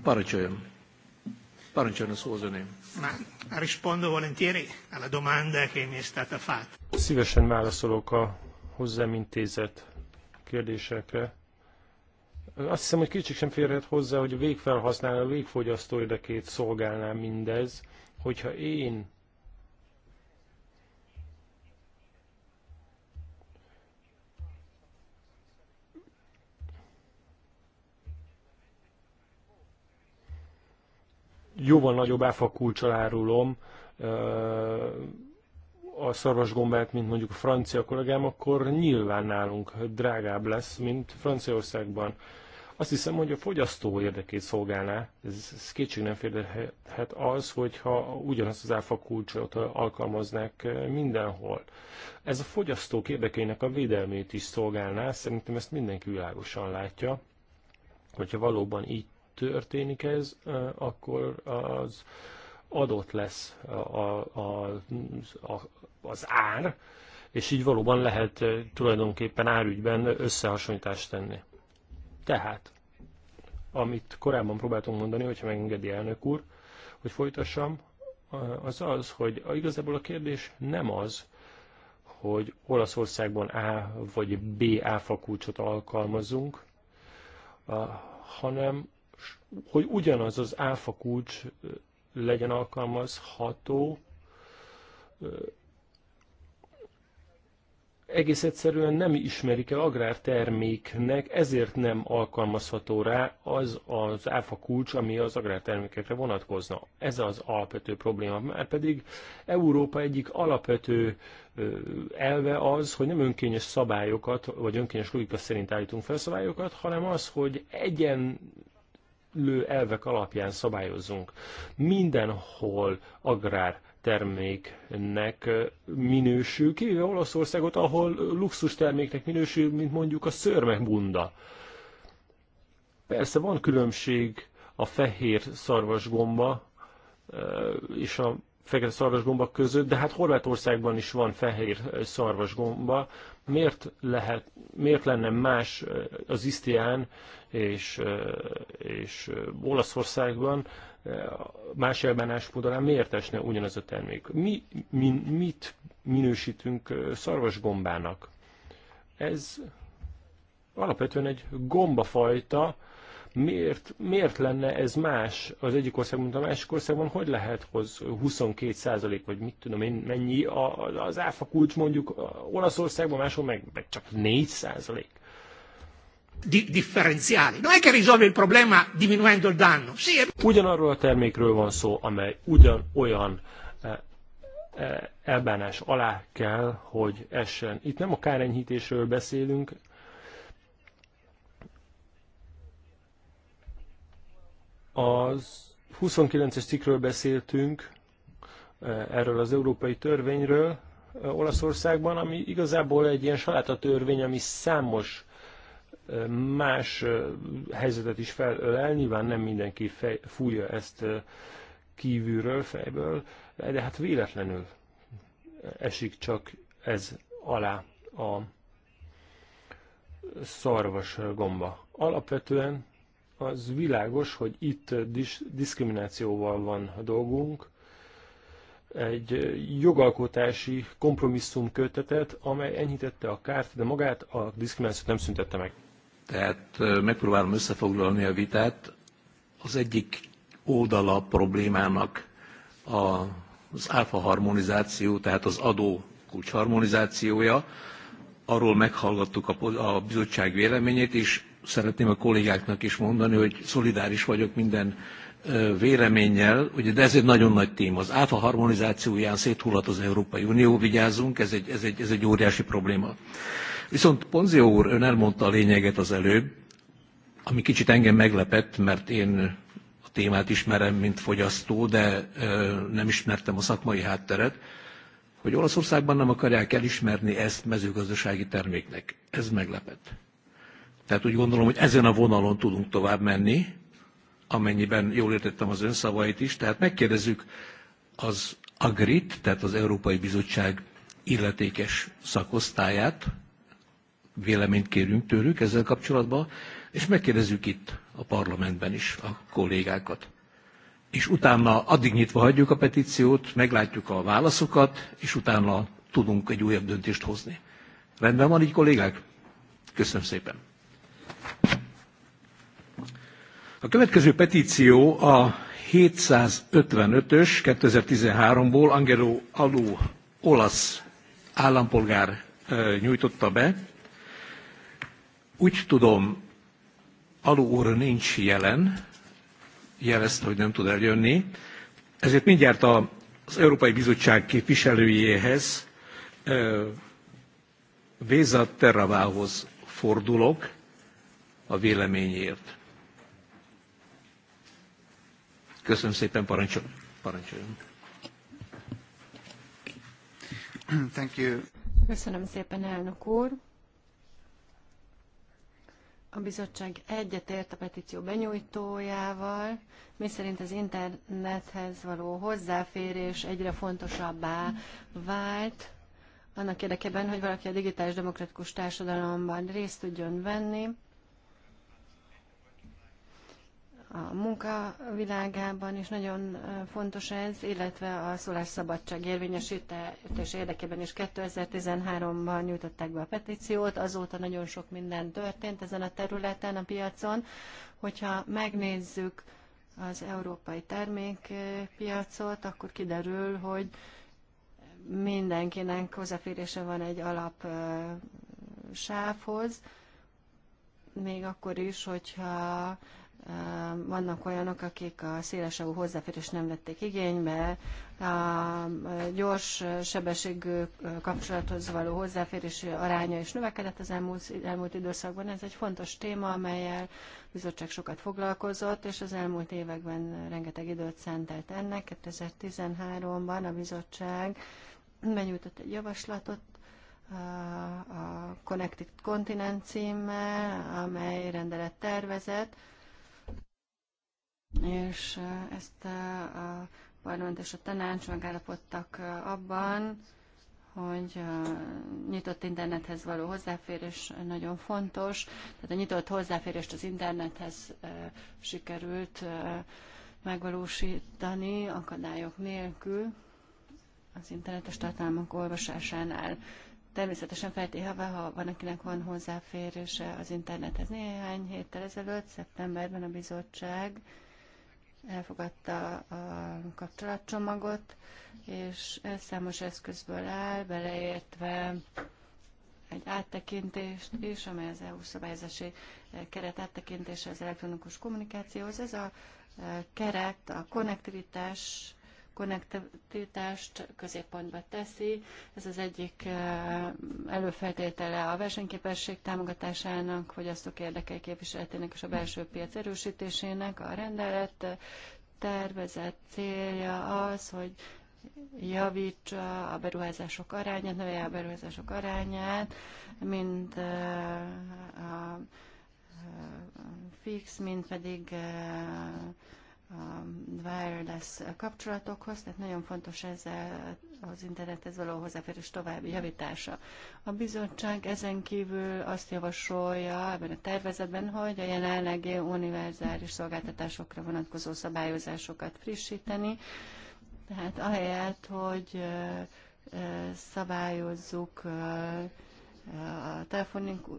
parancsoljon. Parancsoljon a szó az öné. Rispondo volentieri alla domanda che mi è stata fatta. Szívesen válaszolok a hozzám intézett kérdésekre. Azt hiszem, hogy kicsit sem férhet hozzá, hogy a végfelhasználó, a végfogyasztó érdekét szolgálná mindez, hogyha én jóval nagyobb áfa kulcsal árulom a szarvasgombát, mint mondjuk a francia kollégám, akkor nyilván nálunk drágább lesz, mint Franciaországban. Azt hiszem, hogy a fogyasztó érdekét szolgálná, ez, ez kétség nem férhet az, hogyha ugyanazt az áfa kulcsot alkalmaznák mindenhol. Ez a fogyasztók érdekeinek a védelmét is szolgálná, szerintem ezt mindenki világosan látja, hogyha valóban így történik ez, akkor az adott lesz a, a, a, az ár, és így valóban lehet tulajdonképpen árügyben összehasonlítást tenni. Tehát, amit korábban próbáltunk mondani, hogyha megengedi elnök úr, hogy folytassam, az az, hogy igazából a kérdés nem az, hogy Olaszországban A vagy B áfakulcsot alkalmazunk, hanem hogy ugyanaz az áfa kulcs legyen alkalmazható, egész egyszerűen nem ismerik el agrárterméknek, ezért nem alkalmazható rá az az áfa kulcs, ami az agrártermékekre vonatkozna. Ez az alapvető probléma. Már pedig Európa egyik alapvető elve az, hogy nem önkényes szabályokat, vagy önkényes logika szerint állítunk fel szabályokat, hanem az, hogy egyen lő elvek alapján szabályozzunk. Mindenhol agrár terméknek minősül, kivéve Olaszországot, ahol luxus terméknek minősül, mint mondjuk a bunda. Persze van különbség a fehér szarvasgomba és a fekete szarvasgomba között, de hát Horvátországban is van fehér szarvasgomba. Miért, lehet, miért lenne más az Isztián és, és Olaszországban más elbánásmód miért esne ugyanaz a termék? Mi, mi, mit minősítünk szarvasgombának? Ez alapvetően egy gombafajta, Miért, miért lenne ez más az egyik ország, mint a másik országban? Hogy lehet, hogy 22 százalék, vagy mit tudom én, mennyi az áfa kulcs mondjuk Olaszországban, máshol meg, meg csak 4 százalék? di- differenziali. Non è che risolve il problema diminuendo il danno. Sì, è... Ugyanarról a termékről van szó, amely ugyanolyan eh, eh, elbánás alá kell, hogy essen. Itt nem a kárenyhítésről beszélünk, Az 29-es cikkről beszéltünk, eh, erről az európai törvényről eh, Olaszországban, ami igazából egy ilyen saláta törvény, ami számos eh, más helyzetet is felölel, nyilván nem mindenki fej, fújja ezt kívülről, fejből, de hát véletlenül esik csak ez alá a szarvas gomba. Alapvetően az világos, hogy itt dis diszkriminációval van a dolgunk, egy jogalkotási kompromisszum kötetet, amely enyhítette a kárt, de magát a diszkriminációt nem szüntette meg. Tehát megpróbálom összefoglalni a vitát. Az egyik oldala problémának a, az áfa harmonizáció, tehát az adó kulcs harmonizációja. Arról meghallgattuk a, a bizottság véleményét, és szeretném a kollégáknak is mondani, hogy szolidáris vagyok minden véleménnyel, ugye, de ez egy nagyon nagy téma. Az áfa harmonizációján széthullat az Európai Unió, vigyázzunk, ez egy, ez egy, ez egy óriási probléma. Viszont Ponzió úr, ön elmondta a lényeget az előbb, ami kicsit engem meglepett, mert én a témát ismerem, mint fogyasztó, de nem ismertem a szakmai hátteret, hogy Olaszországban nem akarják elismerni ezt mezőgazdasági terméknek. Ez meglepett. Tehát úgy gondolom, hogy ezen a vonalon tudunk tovább menni, amennyiben jól értettem az ön szavait is. Tehát megkérdezzük az AGRIT, tehát az Európai Bizottság illetékes szakosztályát, véleményt kérünk tőlük ezzel kapcsolatban, és megkérdezzük itt a parlamentben is a kollégákat. És utána addig nyitva hagyjuk a petíciót, meglátjuk a válaszokat, és utána tudunk egy újabb döntést hozni. Rendben van így, kollégák? Köszönöm szépen. A következő petíció a 755-ös 2013-ból Angelo Alu olasz állampolgár nyújtotta be. Úgy tudom, Alu úr nincs jelen, jelezte, hogy nem tud eljönni, ezért mindjárt az Európai Bizottság képviselőjéhez, Véza Terravához fordulok, a véleményért. Köszönöm szépen, parancsol, parancsoljon. Thank you. Köszönöm szépen, elnök úr. A bizottság egyetért a petíció benyújtójával, miszerint az internethez való hozzáférés egyre fontosabbá vált, annak érdekében, hogy valaki a digitális demokratikus társadalomban részt tudjon venni, a munka világában, is nagyon fontos ez, illetve a szólásszabadság érvényesítés érdekében is 2013-ban nyújtották be a petíciót, azóta nagyon sok minden történt ezen a területen, a piacon. Hogyha megnézzük az európai termékpiacot, akkor kiderül, hogy mindenkinek hozzáférése van egy alap sávhoz, még akkor is, hogyha vannak olyanok, akik a szélesávú hozzáférés nem vették igénybe, a gyors sebességű kapcsolathoz való hozzáférés aránya is növekedett az elmúlt, elmúlt időszakban. Ez egy fontos téma, amelyel a bizottság sokat foglalkozott, és az elmúlt években rengeteg időt szentelt ennek. 2013-ban a bizottság benyújtott egy javaslatot a Connected Continent címmel, amely rendelet tervezett, és ezt a parlament és a tanács megállapodtak abban, hogy a nyitott internethez való hozzáférés nagyon fontos. Tehát a nyitott hozzáférést az internethez sikerült megvalósítani akadályok nélkül az internetes tartalmak olvasásánál. Természetesen feltéve, ha van, akinek van hozzáférése az internethez. Néhány héttel ezelőtt, szeptemberben a bizottság elfogadta a kapcsolatcsomagot, és számos eszközből áll, beleértve egy áttekintést is, amely az EU szabályozási keret áttekintése az elektronikus kommunikációhoz. Ez a e, keret a konnektivitás konnektivitást középpontba teszi. Ez az egyik eh, előfeltétele a versenyképesség támogatásának, azok érdekei képviseletének és a belső piac erősítésének. A rendelet eh, tervezett célja az, hogy javítsa a beruházások arányát, növelje a beruházások arányát, mint eh, a fix, mint pedig a wireless kapcsolatokhoz, tehát nagyon fontos ezzel az internethez való hozzáférés további javítása. A bizottság ezen kívül azt javasolja ebben a tervezetben, hogy a jelenlegi univerzális szolgáltatásokra vonatkozó szabályozásokat frissíteni, tehát ahelyett, hogy szabályozzuk a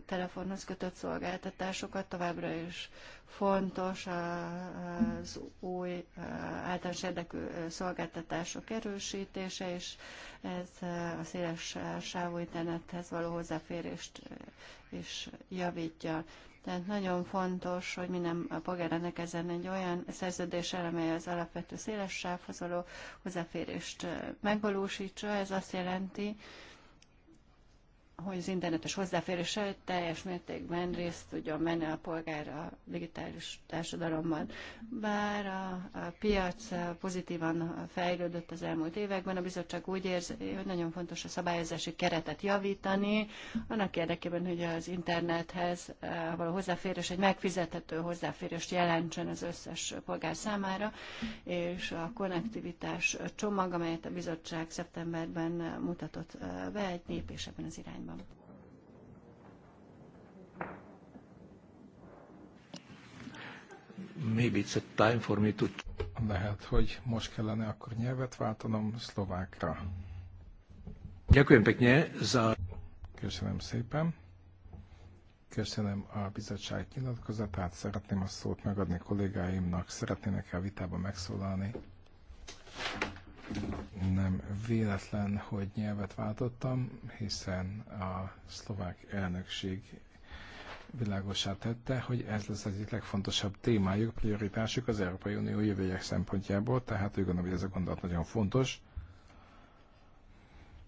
telefonhoz kötött szolgáltatásokat továbbra is Fontos eh, az új eh, általános érdekű eh, szolgáltatások erősítése, és ez a széles sávú internethez való hozzáférést is javítja. Tehát nagyon fontos, hogy minden a polgárnak ezen egy olyan szerződés amely az alapvető széles sávhoz való hozzáférést megvalósítsa. Ez azt jelenti, hogy az internetes hozzáféréssel teljes mértékben részt tudjon menni a polgár a digitális társadalomban. Bár a, a piac pozitívan fejlődött az elmúlt években, a bizottság úgy érzi, hogy nagyon fontos a szabályozási keretet javítani, annak érdekében, hogy az internethez eh, való hozzáférés egy megfizethető hozzáférést jelentsen az összes polgár számára, és a konnektivitás csomag, amelyet a bizottság szeptemberben mutatott eh, be, egy lépés ebben az irányban irányban. Maybe it's a time for me to... Lehet, hogy most kellene akkor nyelvet váltanom szlovákra. Köszönöm szépen. Köszönöm a bizottság nyilatkozatát. Szeretném a szót megadni kollégáimnak. Szeretnének el vitába megszólalni. Nem véletlen, hogy nyelvet váltottam, hiszen a szlovák elnökség világosá tette, hogy ez lesz az egyik legfontosabb témájuk, prioritásuk az Európai Unió jövőjek szempontjából, tehát úgy gondolom, hogy ez a gondolat nagyon fontos.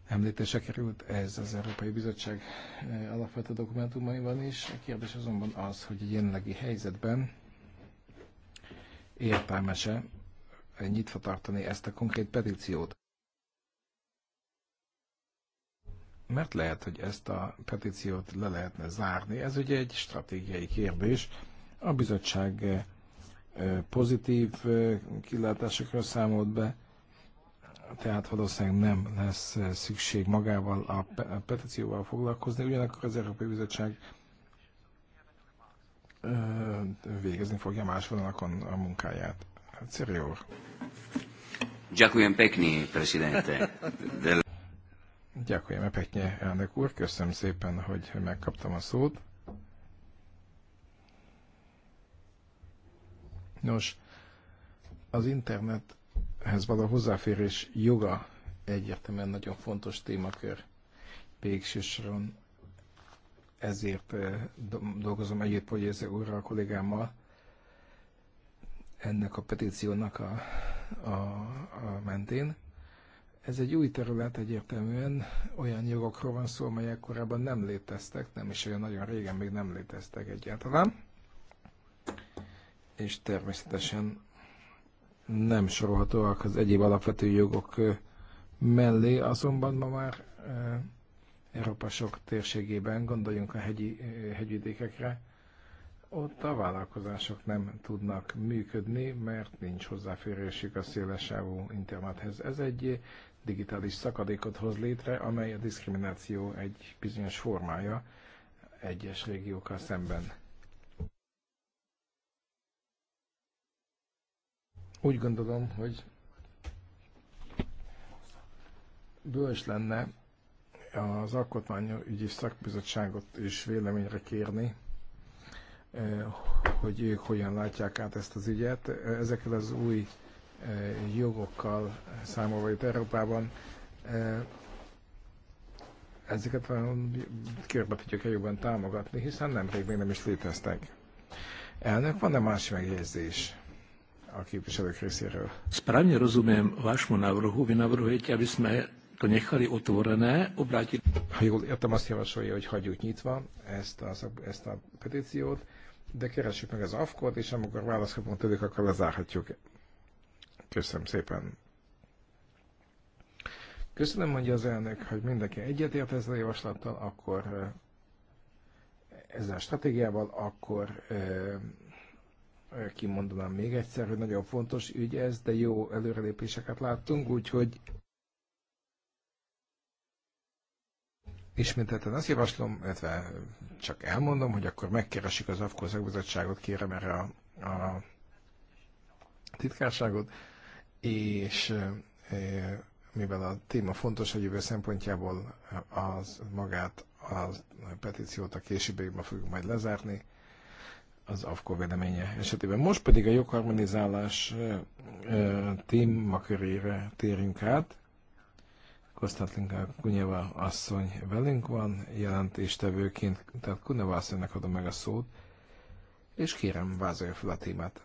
Említése került ez az Európai Bizottság eh, alapvető dokumentumaiban is. A kérdés azonban az, hogy a jelenlegi helyzetben értelmese nyitva tartani ezt a konkrét petíciót. Mert lehet, hogy ezt a petíciót le lehetne zárni. Ez ugye egy stratégiai kérdés. A bizottság pozitív kilátásokra számolt be, tehát valószínűleg nem lesz szükség magával a petícióval foglalkozni, ugyanakkor az Európai Bizottság végezni fogja más vonalakon a munkáját. Ciri hát, úr. Ďakujem pekne, elnök úr. Köszönöm szépen, hogy megkaptam a szót. Nos, az internethez való hozzáférés joga egyértelműen nagyon fontos témakör végső soron. Ezért eh, dolgozom együtt Pogyéze a kollégámmal, ennek a petíciónak a, a, a mentén. Ez egy új terület egyértelműen, olyan jogokról van szó, amelyek korábban nem léteztek, nem is olyan nagyon régen még nem léteztek egyáltalán. És természetesen nem sorolhatóak az egyéb alapvető jogok mellé, azonban ma már Európa sok térségében, gondoljunk a hegyi, hegyvidékekre, ott a vállalkozások nem tudnak működni, mert nincs hozzáférésük a szélesávú internethez. Ez egy digitális szakadékot hoz létre, amely a diszkrimináció egy bizonyos formája egyes régiókkal szemben. Úgy gondolom, hogy bős lenne az alkotmányügyi szakbizottságot is véleményre kérni, Eh, hogy ők hogyan látják át ezt az ügyet. Eh, ezekkel az új eh, jogokkal számolva itt Európában ezeket talán körbe tudjuk-e jobban támogatni, hiszen nemrég még nem is léteztek. Elnök, van-e más megjegyzés a képviselők részéről? Správně rozumím vášmu návrhu, vy navrhujete, aby sme to nechali otvorené, obrátili... Ha jól értem, azt javasolja, hogy hagyjuk nyitva ezt a, ezt a petíciót, de keressük meg az afkot, és amikor válaszkapunk tőlük, akkor lezárhatjuk. Köszönöm szépen. Köszönöm, mondja az elnök, hogy mindenki egyetért ezzel a javaslattal, akkor eh, ezzel a stratégiával, akkor eh, kimondanám még egyszer, hogy nagyon fontos ügy ez, de jó előrelépéseket láttunk, úgyhogy Ismételten azt javaslom, illetve csak elmondom, hogy akkor megkeresik az AFKO szakbizottságot, kérem erre a, a titkárságot, és e, e mivel a téma fontos a jövő szempontjából, az magát a petíciót a későbbiekben fogjuk majd lezárni, az AFKO véleménye esetében. Most pedig a jogharmonizálás e, e témakörére térünk át. Kostatlinka Kunyeva asszony velünk van, jelentéstevőként, tehát Kunyeva asszonynak adom meg a szót, és kérem, vázolja fel a témát.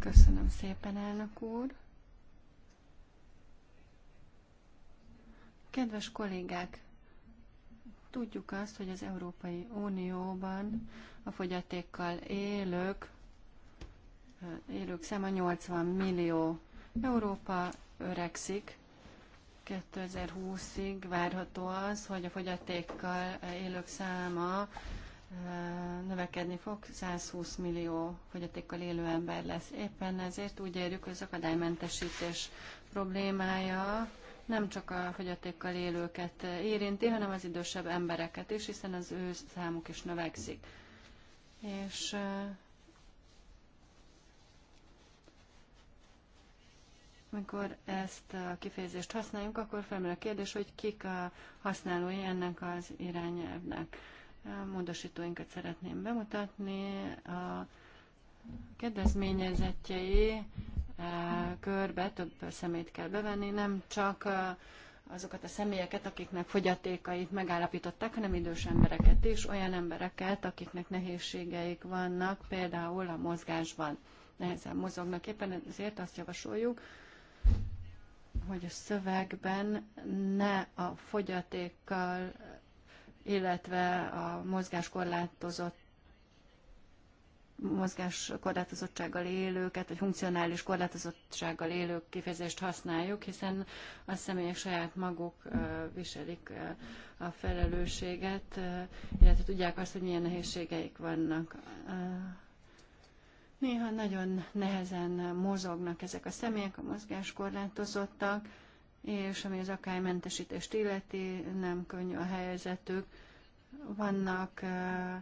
Köszönöm szépen, elnök úr. Kedves kollégák, Tudjuk azt, hogy az Európai Unióban a fogyatékkal élők, élők száma 80 millió. Európa öregszik, 2020-ig várható az, hogy a fogyatékkal élők száma növekedni fog, 120 millió fogyatékkal élő ember lesz. Éppen ezért úgy érjük, hogy az akadálymentesítés problémája nem csak a fogyatékkal élőket érinti, hanem az idősebb embereket is, hiszen az ő számuk is növekszik. És amikor ezt a kifejezést használjuk, akkor felmerül a kérdés, hogy kik a használói ennek az irányelvnek. A módosítóinkat szeretném bemutatni. A kedvezményezettjei körbe több szemét kell bevenni, nem csak azokat a személyeket, akiknek fogyatékait megállapították, hanem idős embereket is, olyan embereket, akiknek nehézségeik vannak, például a mozgásban nehezen mozognak. Éppen ezért azt javasoljuk, hogy a szövegben ne a fogyatékkal, illetve a mozgáskorlátozott mozgás korlátozottsággal élőket, vagy funkcionális korlátozottsággal élők kifejezést használjuk, hiszen a személyek saját maguk viselik a felelősséget, illetve tudják azt, hogy milyen nehézségeik vannak. Néha nagyon nehezen mozognak ezek a személyek, a mozgáskorlátozottak, és ami az akálymentesítést illeti, nem könnyű a helyzetük. Vannak uh,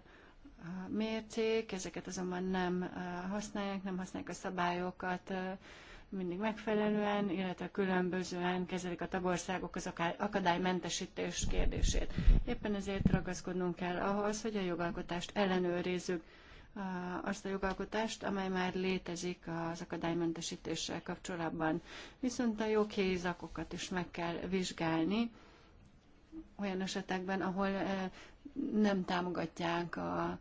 mérték, ezeket azonban nem használják, nem használják a szabályokat mindig megfelelően, illetve különbözően kezelik a tagországok az akadálymentesítés kérdését. Éppen ezért ragaszkodnunk kell ahhoz, hogy a jogalkotást ellenőrizzük, azt a jogalkotást, amely már létezik az akadálymentesítéssel kapcsolatban. Viszont a joghézakokat is meg kell vizsgálni, olyan esetekben, ahol nem támogatják a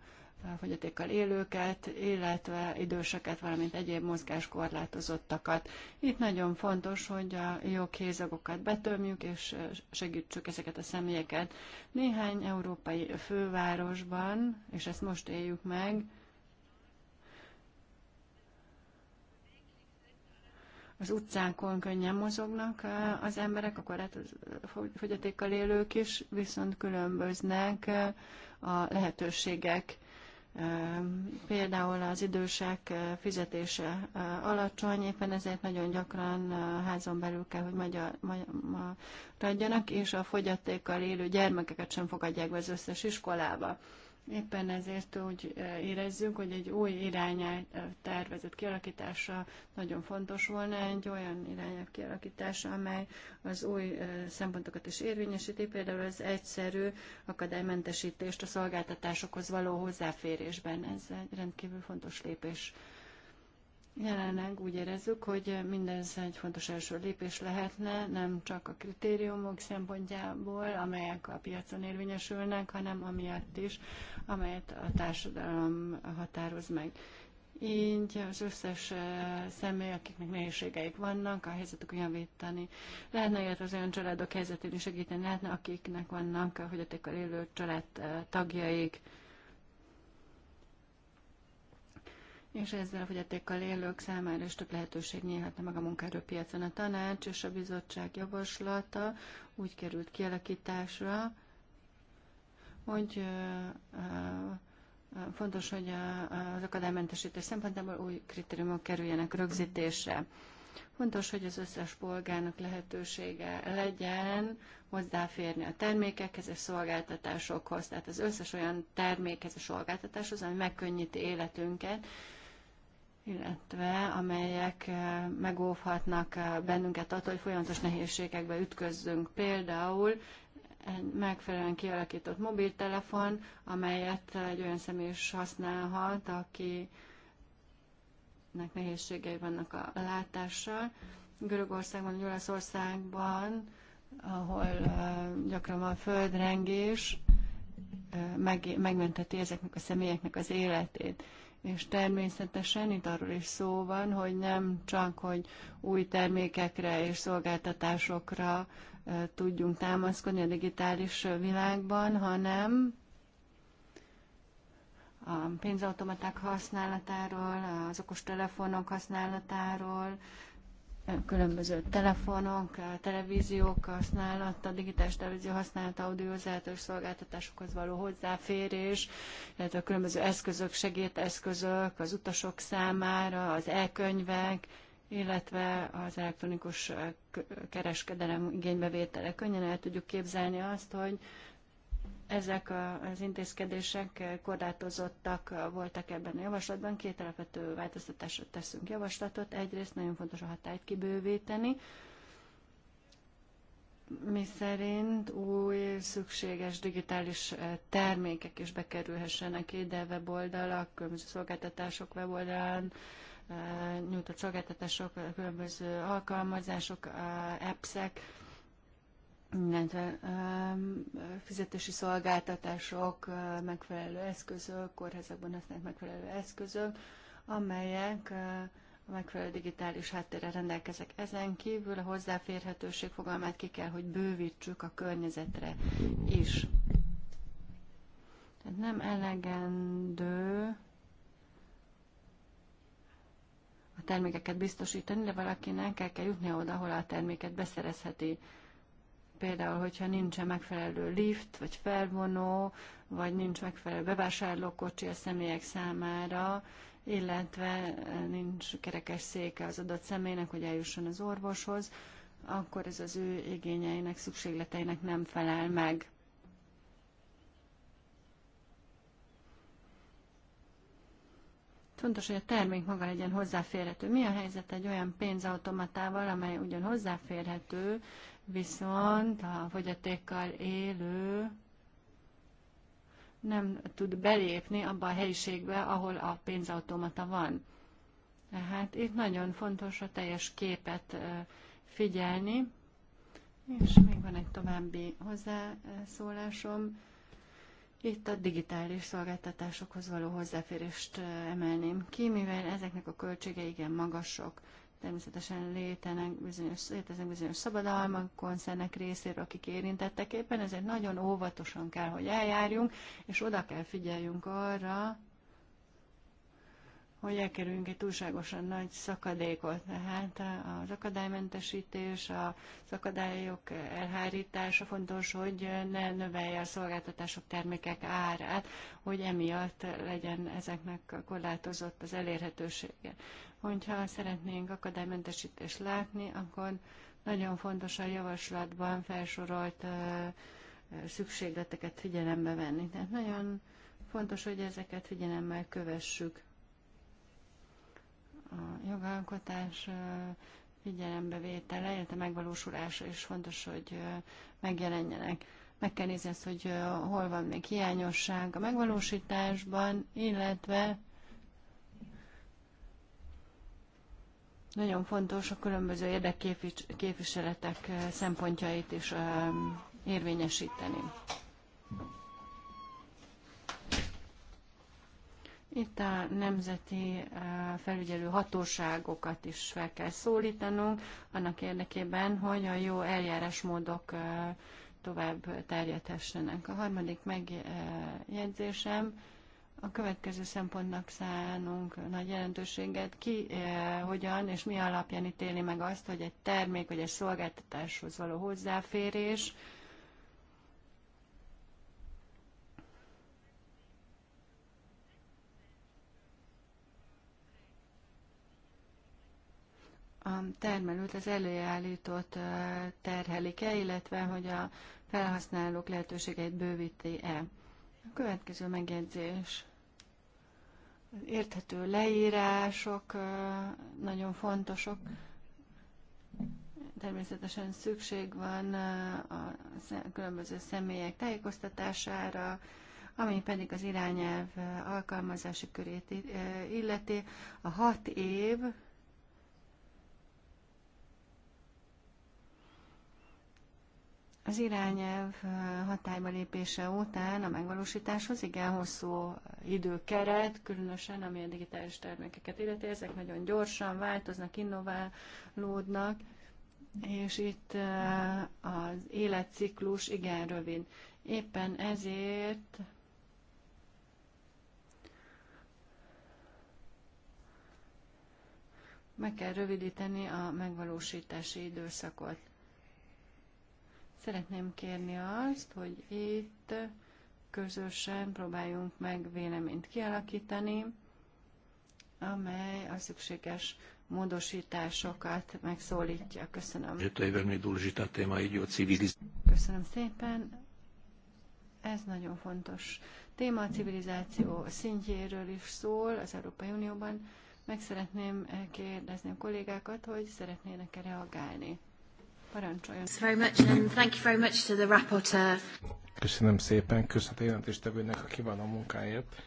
fogyatékkal élőket, illetve időseket, valamint egyéb mozgáskorlátozottakat. Itt nagyon fontos, hogy a joghézagokat betömjük, és eh, segítsük ezeket a személyeket. Néhány európai fővárosban, és ezt most éljük meg, az utcánkon könnyen mozognak az emberek, akkor hát fogyatékkal élők is, viszont különböznek a lehetőségek. Például az idősek fizetése alacsony, éppen ezért nagyon gyakran házon belül kell, hogy maradjanak, és a fogyatékkal élő gyermekeket sem fogadják be az összes iskolába. Éppen ezért úgy eh, érezzük, hogy egy új irányát eh, tervezett kialakítása nagyon fontos volna, egy olyan irányát kialakítása, amely az új eh, szempontokat is érvényesíti, például az egyszerű akadálymentesítést a szolgáltatásokhoz való hozzáférésben. Ez egy rendkívül fontos lépés Jelenleg úgy érezzük, hogy mindez egy fontos első lépés lehetne, nem csak a kritériumok szempontjából, amelyek a piacon érvényesülnek, hanem amiatt is, amelyet a társadalom határoz meg. Így az összes személy, akiknek nehézségeik vannak, a olyan javítani lehetne, illetve az olyan családok helyzetén is segíteni lehetne, akiknek vannak a fogyatékkal élő család tagjaik. és ezzel a fogyatékkal élők számára is több lehetőség nyílhatna meg a munkaerőpiacon. A tanács és a bizottság javaslata úgy került kialakításra, hogy fontos, hogy az akadálymentesítés szempontjából új kritériumok kerüljenek rögzítésre. Fontos, hogy az összes polgárnak lehetősége legyen hozzáférni a termékekhez és szolgáltatásokhoz, tehát az összes olyan termékhez és szolgáltatáshoz, ami megkönnyíti életünket, illetve amelyek eh, megóvhatnak eh, bennünket attól, hogy folyamatos nehézségekbe ütközzünk. Például egy megfelelően kialakított mobiltelefon, amelyet egy olyan személy is használhat, akinek nehézségei vannak a látással. Görögországban, Olaszországban, ahol eh, gyakran van földrengés, megmenteti ezeknek a személyeknek az életét és természetesen itt arról is szó van, hogy nem csak, hogy új termékekre és szolgáltatásokra tudjunk támaszkodni a digitális világban, hanem a pénzautomaták használatáról, az okostelefonok használatáról, különböző telefonok, televíziók használata, digitális televízió használata, audiozátos szolgáltatásokhoz való hozzáférés, illetve a különböző eszközök, segédeszközök az utasok számára, az elkönyvek, illetve az elektronikus kereskedelem igénybevétele. Könnyen el tudjuk képzelni azt, hogy ezek az intézkedések korlátozottak voltak ebben a javaslatban. Két alapvető változtatásra teszünk javaslatot. Egyrészt nagyon fontos a hatályt kibővíteni, mi szerint új szükséges digitális eh, termékek is bekerülhessenek ide weboldalak, különböző szolgáltatások weboldalán, eh, nyújtott szolgáltatások, különböző alkalmazások, eh, appsek, illetve um, fizetési szolgáltatások, uh, megfelelő eszközök, kórházakban használt megfelelő eszközök, amelyek uh, a megfelelő digitális háttérre rendelkezek. Ezen kívül a hozzáférhetőség fogalmát ki kell, hogy bővítsük a környezetre is. Tehát nem elegendő a termékeket biztosítani, de valakinek el kell jutni oda, ahol a terméket beszerezheti például, hogyha nincsen megfelelő lift, vagy felvonó, vagy nincs megfelelő bevásárlókocsi a személyek számára, illetve nincs kerekes széke az adott személynek, hogy eljusson az orvoshoz, akkor ez az ő igényeinek, szükségleteinek nem felel meg. Fontos, hogy a termék maga legyen hozzáférhető. Mi a helyzet egy olyan pénzautomatával, amely ugyan hozzáférhető, viszont a fogyatékkal élő nem tud belépni abba a helyiségbe, ahol a pénzautomata van. Tehát itt nagyon fontos a teljes képet figyelni, és még van egy további hozzászólásom. Itt a digitális szolgáltatásokhoz való hozzáférést emelném ki, mivel ezeknek a költsége igen magasok. Természetesen létenek bizonyos, léteznek bizonyos szabadalmak, koncernek részéről, akik érintettek éppen, ezért nagyon óvatosan kell, hogy eljárjunk, és oda kell figyeljünk arra, hogy elkerüljünk egy túlságosan nagy szakadékot. Tehát az akadálymentesítés, a szakadályok elhárítása fontos, hogy ne növelje a szolgáltatások, termékek árát, hogy emiatt legyen ezeknek korlátozott az elérhetősége. Hogyha szeretnénk akadálymentesítést látni, akkor nagyon fontos a javaslatban felsorolt szükségleteket figyelembe venni. Tehát nagyon fontos, hogy ezeket figyelemmel kövessük a jogalkotás figyelembevétele, illetve megvalósulása is fontos, hogy megjelenjenek. Meg kell nézni ezt, hogy hol van még hiányosság a megvalósításban, illetve nagyon fontos a különböző érdekképviseletek szempontjait is érvényesíteni. Itt a nemzeti eh, felügyelő hatóságokat is fel kell szólítanunk, annak érdekében, hogy a jó eljárásmódok eh, tovább terjedhessenek. A harmadik megjegyzésem, a következő szempontnak szánunk nagy jelentőséget, ki eh, hogyan és mi alapján ítéli meg azt, hogy egy termék vagy egy szolgáltatáshoz való hozzáférés, eh, a termelőt az előállított terhelik-e, illetve hogy a felhasználók lehetőségeit bővíti-e. A következő megjegyzés. Az érthető leírások nagyon fontosok. Természetesen szükség van a különböző személyek tájékoztatására, ami pedig az irányelv alkalmazási körét illeti. A hat év Az irányelv hatályba lépése után a megvalósításhoz igen hosszú időkeret, különösen ami a digitális termékeket illeti, ezek nagyon gyorsan változnak, innoválódnak, és itt az életciklus igen rövid. Éppen ezért meg kell rövidíteni a megvalósítási időszakot. Szeretném kérni azt, hogy itt közösen próbáljunk meg véleményt kialakítani, amely a szükséges módosításokat megszólítja. Köszönöm. Köszönöm szépen. Ez nagyon fontos téma, a civilizáció szintjéről is szól az Európai Unióban. Meg szeretném kérdezni a kollégákat, hogy szeretnének-e reagálni. Köszönöm szépen, köszönöm a jelentéstevőnek a kiváló munkáért.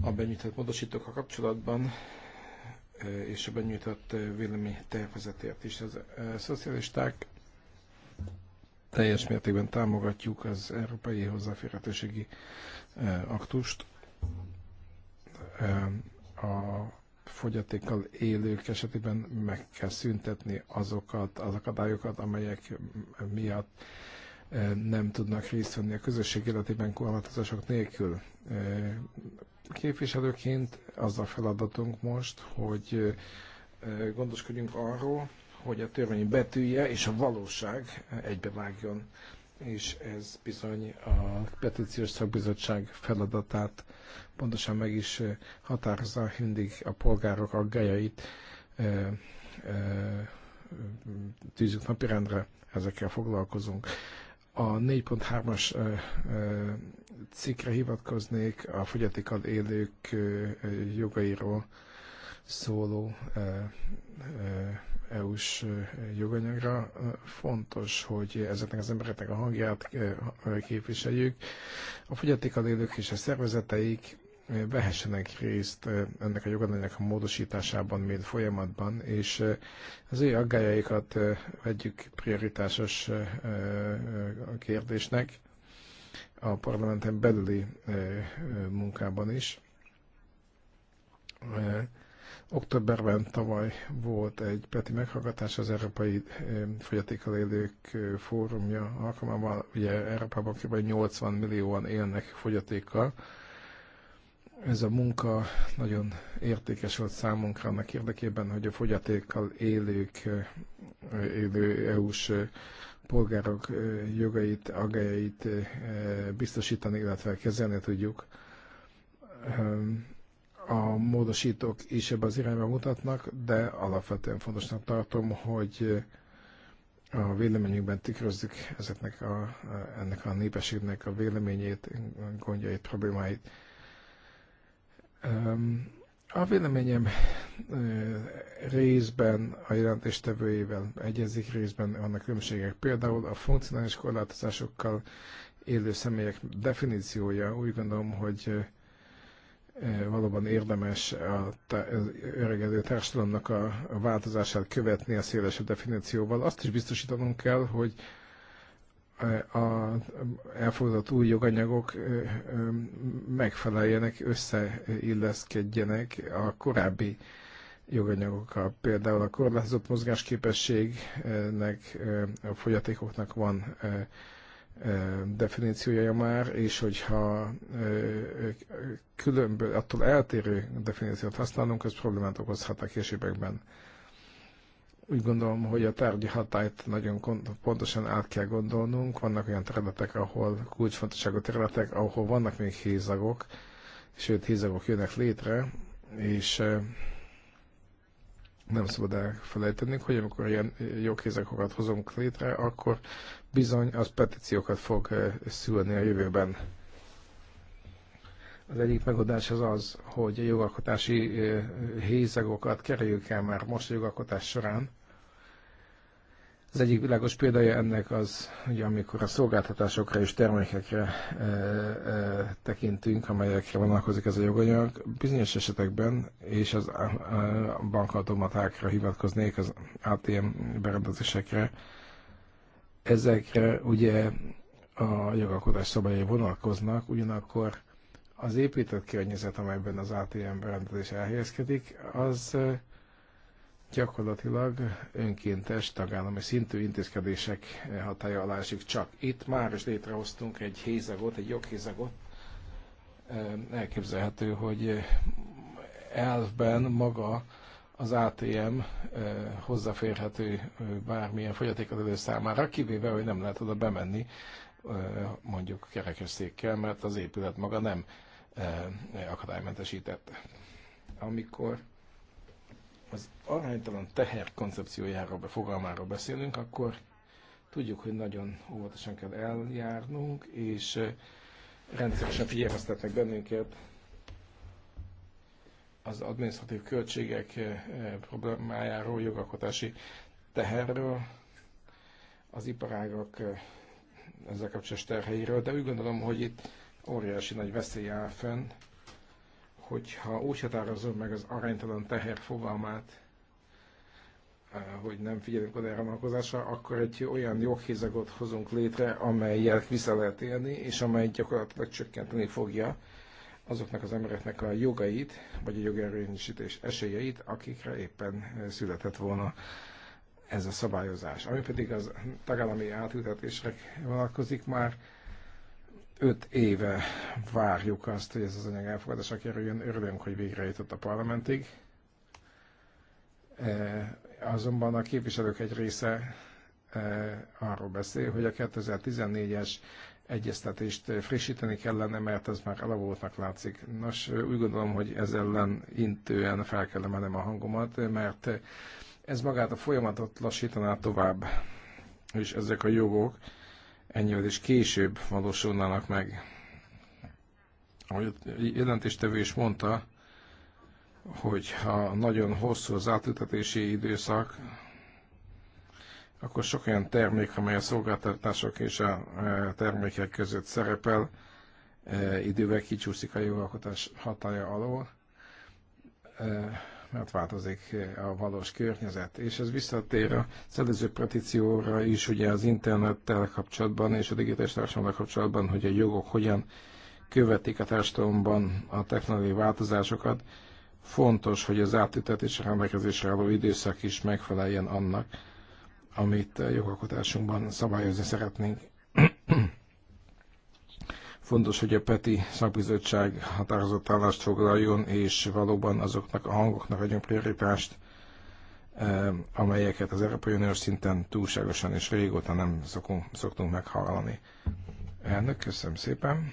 A benyújtott módosítók a kapcsolatban és a benyújtott vélemény tervezetért is. Az szocialisták teljes mértékben támogatjuk az Európai Hozzáférhetőségi Aktust. A fogyatékkal élők esetében meg kell szüntetni azokat az akadályokat, amelyek miatt eh, nem tudnak részt venni a közösség életében korlátozások nélkül. Eh, képviselőként az a feladatunk most, hogy eh, gondoskodjunk arról, hogy a törvény betűje és a valóság egybevágjon és ez bizony a petíciós szakbizottság feladatát pontosan meg is határozza, mindig a polgárok aggájait tűzünk napirendre, ezekkel foglalkozunk. A 4.3-as cikkre hivatkoznék a fogyatékkal élők jogairól szóló EU-s e, joganyagra. E, fontos, hogy ezeknek az embereknek a hangját e, képviseljük. A fogyatékkal élők és a szervezeteik vehessenek részt ennek a joganyagnak a módosításában, mint folyamatban, és az ő aggájaikat vegyük prioritásos kérdésnek a parlamenten belüli munkában is. Októberben tavaly volt egy Peti meghallgatás az Európai eh, Fogyatékkal Élők eh, Fórumja alkalmával. Ugye Európában kb. 80 millióan élnek fogyatékkal. Ez a munka nagyon értékes volt számunkra annak érdekében, hogy a fogyatékkal élők, eh, élő EU-s polgárok jogait, agályait biztosítani, illetve kezelni tudjuk ehm, a módosítók is ebbe az irányba mutatnak, de alapvetően fontosnak tartom, hogy a véleményükben tükrözzük ezeknek a, ennek a népességnek a véleményét, gondjait, problémáit. A véleményem részben a jelentéstevőjével egyezik, részben vannak különbségek. Például a funkcionális korlátozásokkal élő személyek definíciója úgy gondolom, hogy Eh, valóban érdemes az öregedő társadalomnak a változását követni a szélesebb definícióval. Azt is biztosítanunk kell, hogy eh, a elfogadott új joganyagok eh, megfeleljenek, összeilleszkedjenek a korábbi joganyagokkal. Például a korlátozott mozgásképességnek, a fogyatékoknak van definíciója már, és hogyha különböző, attól eltérő definíciót használunk, ez problémát okozhat a későbbekben. Úgy gondolom, hogy a tárgyi hatályt nagyon pontosan át kell gondolnunk. Vannak olyan területek, ahol kulcsfontosságú területek, ahol vannak még hézagok, sőt, hézagok jönnek létre, és nem szabad elfelejteni, hogy amikor ilyen jogkézekokat hozunk létre, akkor bizony az petíciókat fog eh, szülni a jövőben. Az egyik megoldás az az, hogy a jogalkotási eh, hézegokat kerüljük el már most a jogalkotás során, az egyik világos példája ennek az, ugye, amikor a szolgáltatásokra és termékekre e, e, tekintünk, amelyekre vonalkozik ez a joganyag, bizonyos esetekben, és az a, e, a e, bankautomatákra hivatkoznék, az ATM berendezésekre, ezekre ugye a jogalkotás szabályai vonalkoznak, ugyanakkor az épített környezet, amelyben az ATM berendezés elhelyezkedik, az e, gyakorlatilag önkéntes tagállami szintű intézkedések hatája alá esik csak. Itt már is létrehoztunk egy hézagot, egy joghézagot. Elképzelhető, hogy elvben maga az ATM hozzáférhető bármilyen fogyatékadő számára, kivéve, hogy nem lehet oda bemenni mondjuk kerekesszékkel, mert az épület maga nem akadálymentesítette, Amikor az aránytalan teher koncepciójáról, fogalmáról beszélünk, akkor tudjuk, hogy nagyon óvatosan kell eljárnunk, és rendszeresen figyelmeztetnek bennünket az adminisztratív költségek problémájáról, jogalkotási teherről, az iparágak ezzel kapcsolatos terheiről, de úgy gondolom, hogy itt óriási nagy veszély áll fenn, hogyha úgy határozom meg az aránytalan teher fogalmát, eh, hogy nem figyelünk oda erre a vonatkozásra, akkor egy olyan joghézagot hozunk létre, amelyet vissza lehet élni, és amely gyakorlatilag csökkenteni fogja azoknak az embereknek a jogait, vagy a jogerőnyisítés esélyeit, akikre éppen eh, született volna ez a szabályozás. Ami pedig az tagállami átültetésre vonatkozik már, öt éve várjuk azt, hogy ez az anyag elfogadásra kerüljön. Örülünk, hogy végre jutott a parlamentig. E, azonban a képviselők egy része e, arról beszél, hogy a 2014-es egyeztetést frissíteni kellene, mert ez már elavultnak látszik. Nos, úgy gondolom, hogy ezzel ellen intően fel kell emelnem a hangomat, mert ez magát a folyamatot lassítaná tovább, és ezek a jogok, ennyivel is később valósulnának meg. Ahogy a jelentéstevő is mondta, hogy ha nagyon hosszú az átültetési időszak, akkor sok olyan termék, amely a szolgáltatások és a e, termékek között szerepel, e, idővel kicsúszik a jogalkotás hatája alól. E, mert változik a valós környezet. És ez visszatér a szedező petícióra is, ugye az internettel kapcsolatban és a digitális társadalommal kapcsolatban, hogy a jogok hogyan követik a társadalomban a technológiai változásokat. Fontos, hogy az átütetésre rendelkezésre álló időszak is megfeleljen annak, amit a jogalkotásunkban szabályozni szeretnénk. Fontos, hogy a PETI szakbizottság határozott állást foglaljon, és valóban azoknak a hangoknak adjon prioritást, eh, amelyeket az Európai Uniós szinten túlságosan és régóta nem szokunk, szoktunk meghallani. Elnök, köszönöm szépen.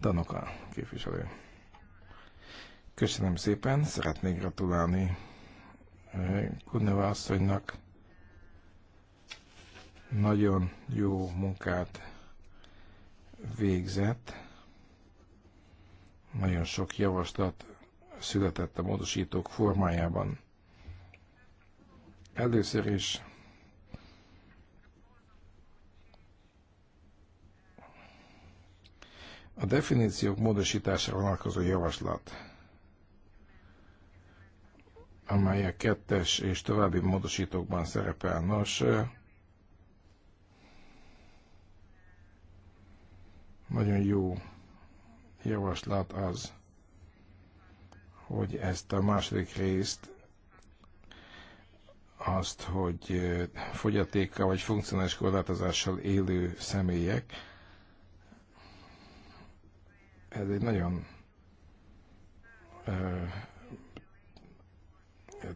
Danoka képviselő. Köszönöm szépen, szeretnék gratulálni eh, Kuneva asszonynak. Nagyon jó munkát végzett. Nagyon sok javaslat született a módosítók formájában. Először is a definíciók módosítására vonatkozó javaslat, amely a kettes és további módosítókban szerepel. Nos, Nagyon jó javaslat az, hogy ezt a második részt azt, hogy fogyatékkal vagy funkcionális korlátozással élő személyek. Ez egy nagyon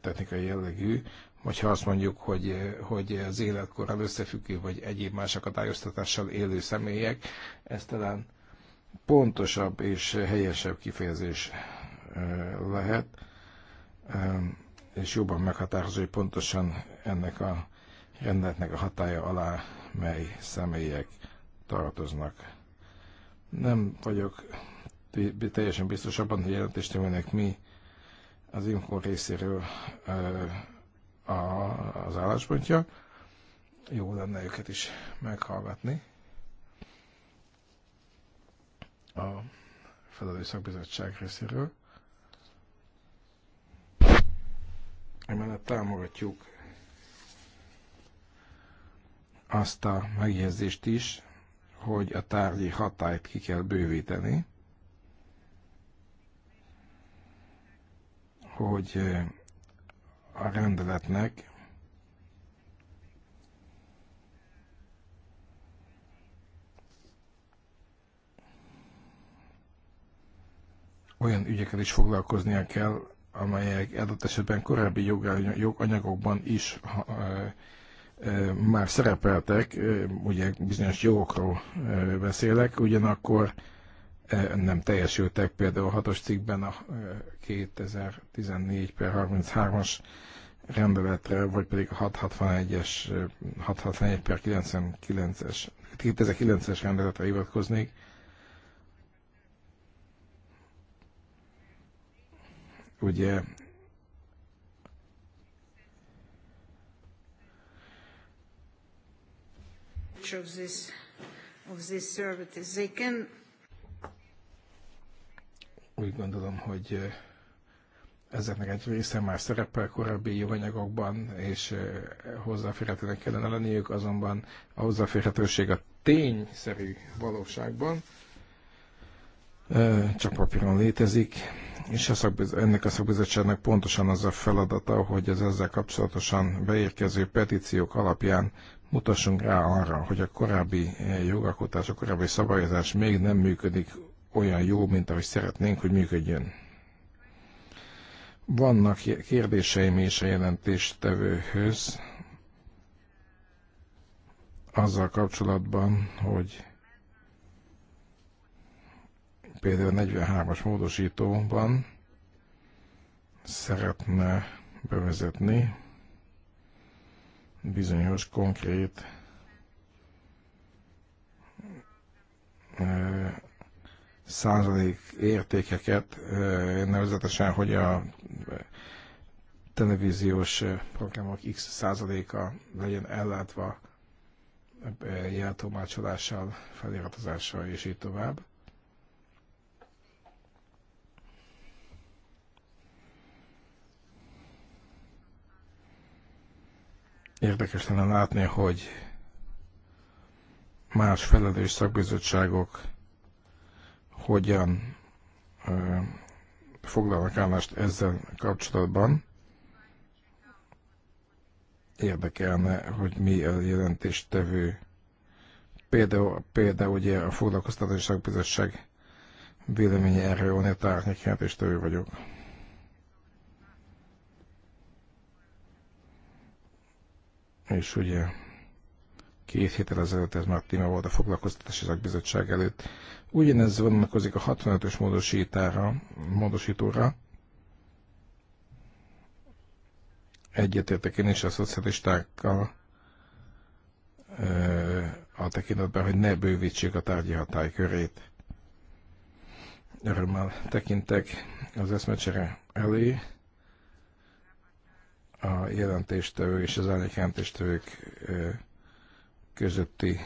technikai jellegű, vagy ha azt mondjuk, hogy, hogy az életkorral összefüggő, vagy egyéb más akadályoztatással élő személyek, ez talán pontosabb és helyesebb kifejezés lehet, és jobban meghatározó, hogy pontosan ennek a rendetnek a hatája alá mely személyek tartoznak. Nem vagyok teljesen biztos abban, hogy jelentéstevőnek mi az Imkon részéről a, az álláspontja. Jó lenne őket is meghallgatni. A Felelős Szakbizottság részéről. Emellett támogatjuk azt a megjegyzést is, hogy a tárgyi hatályt ki kell bővíteni, hogy a rendeletnek olyan ügyekkel is foglalkoznia kell, amelyek adott esetben korábbi joganyagokban is már szerepeltek, ugye bizonyos jogokról beszélek, ugyanakkor nem teljesültek, például a hatos cikkben a 2014 per 33-as rendeletre, vagy pedig a 661-es, 661 per 99-es, 2009-es rendeletre hivatkoznék. Ugye of this of this service They can úgy gondolom, hogy ezeknek egy része már szerepel korábbi joganyagokban, és hozzáférhetőnek kellene lenniük, azonban a hozzáférhetőség a tényszerű valóságban csak papíron létezik, és a ennek a szakbizottságnak pontosan az a feladata, hogy az ezzel kapcsolatosan beérkező petíciók alapján mutassunk rá arra, hogy a korábbi jogalkotás, a korábbi szabályozás még nem működik olyan jó, mint ahogy szeretnénk, hogy működjön. Vannak kérdéseim és a jelentéstevőhöz azzal kapcsolatban, hogy például 43-as módosítóban szeretne bevezetni bizonyos konkrét eh, százalék értékeket, nevezetesen, hogy a televíziós programok x százaléka legyen ellátva jeltolmácsolással, feliratozással és így tovább. Érdekes lenne látni, hogy más felelős szakbizottságok hogyan foglalnak állást ezzel kapcsolatban. Érdekelne, hogy mi a jelentéstevő. Például, például ugye a Foglalkoztatási Szakbizottság véleménye erről, onnél árnyék jelentéstevő vagyok. És ugye két héttel ezelőtt ez már téma volt a foglalkoztatási szakbizottság előtt. Ugyanez vonatkozik a 65-ös módosítára, módosítóra. Egyetértek én is a szocialistákkal a tekintetben, hogy ne bővítsék a tárgyi hatálykörét. Örömmel tekintek az eszmecsere elé a jelentéstevő és az árnyék jelentéstevők közötti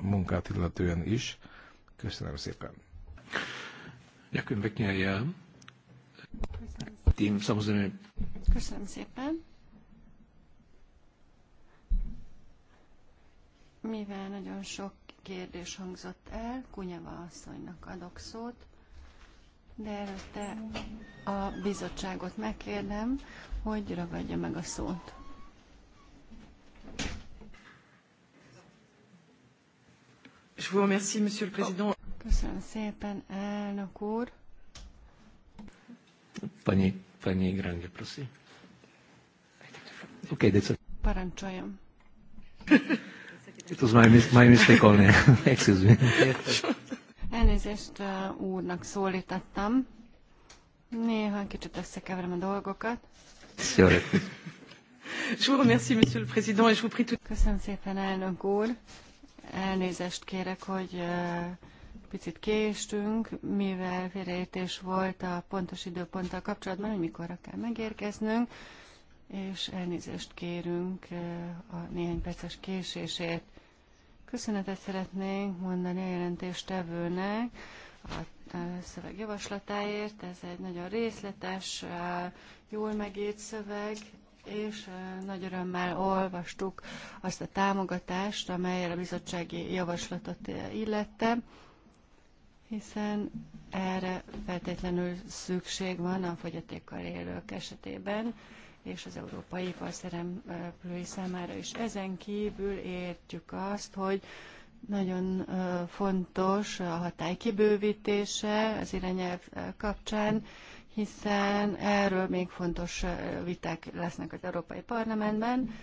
munkát illetően is. Köszönöm szépen. Köszönöm szépen. Köszönöm szépen. Mivel nagyon sok kérdés hangzott el, Kunyava asszonynak adok szót, de előtte a bizottságot megkérdem, hogy ragadja meg a szót. Köszönöm szépen, elnök úr. Pani, pani Grange, prosim. Okay, that's a... Parancsoljon. It was my, Excuse me. Elnézést úrnak szólítottam. Néha kicsit összekeverem a dolgokat. Köszönöm szépen, elnök úr. Elnézést kérek, hogy picit késtünk, mivel félreértés volt a pontos időponttal kapcsolatban, hogy mikorra kell megérkeznünk, és elnézést kérünk a néhány perces késésért. Köszönetet szeretnénk mondani a jelentéstevőnek a szövegjavaslatáért. Ez egy nagyon részletes, jól megírt szöveg, és nagy örömmel olvastuk azt a támogatást, amelyre a bizottsági javaslatot illette, hiszen erre feltétlenül szükség van a fogyatékkal élők esetében, és az európai iparszereplői számára is. Ezen kívül értjük azt, hogy nagyon fontos a hatály kibővítése az irányelv kapcsán, hiszen erről még fontos viták lesznek az Európai Parlamentben,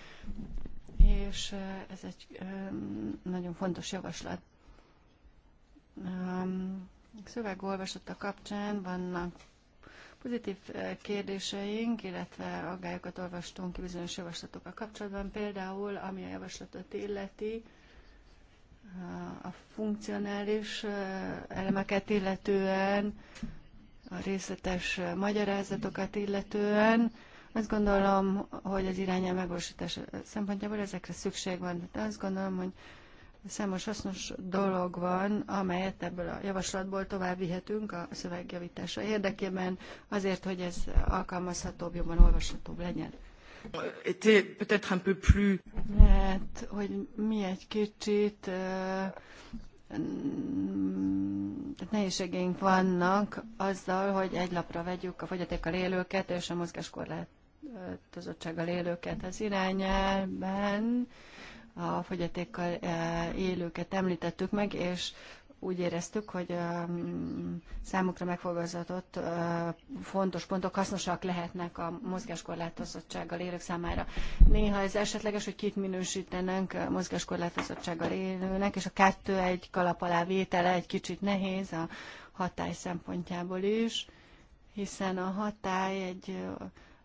és ez egy nagyon fontos javaslat. Szövegolvasata kapcsán vannak pozitív kérdéseink, illetve aggályokat olvastunk ki bizonyos javaslatokkal kapcsolatban, például ami a javaslatot illeti, a funkcionális elemeket illetően a részletes magyarázatokat illetően. Azt gondolom, hogy az irányel megvalósítás szempontjából ezekre szükség van. de azt gondolom, hogy számos hasznos dolog van, amelyet ebből a javaslatból tovább vihetünk a szövegjavítása érdekében, azért, hogy ez alkalmazhatóbb, jobban olvashatóbb legyen. Mert, hogy mi egy kicsit tehát nehézségeink vannak azzal, hogy egy lapra vegyük a fogyatékkal élőket és a mozgáskorlátozottsággal élőket az irányában A fogyatékkal eh, élőket említettük meg, és úgy éreztük, hogy um, számukra megfogazatott uh, fontos pontok hasznosak lehetnek a mozgáskorlátozottsággal élők számára. Néha ez esetleges, hogy kit minősítenek mozgáskorlátozottsággal élőnek, és a kettő egy kalap alá vétele egy kicsit nehéz a hatály szempontjából is, hiszen a hatály egy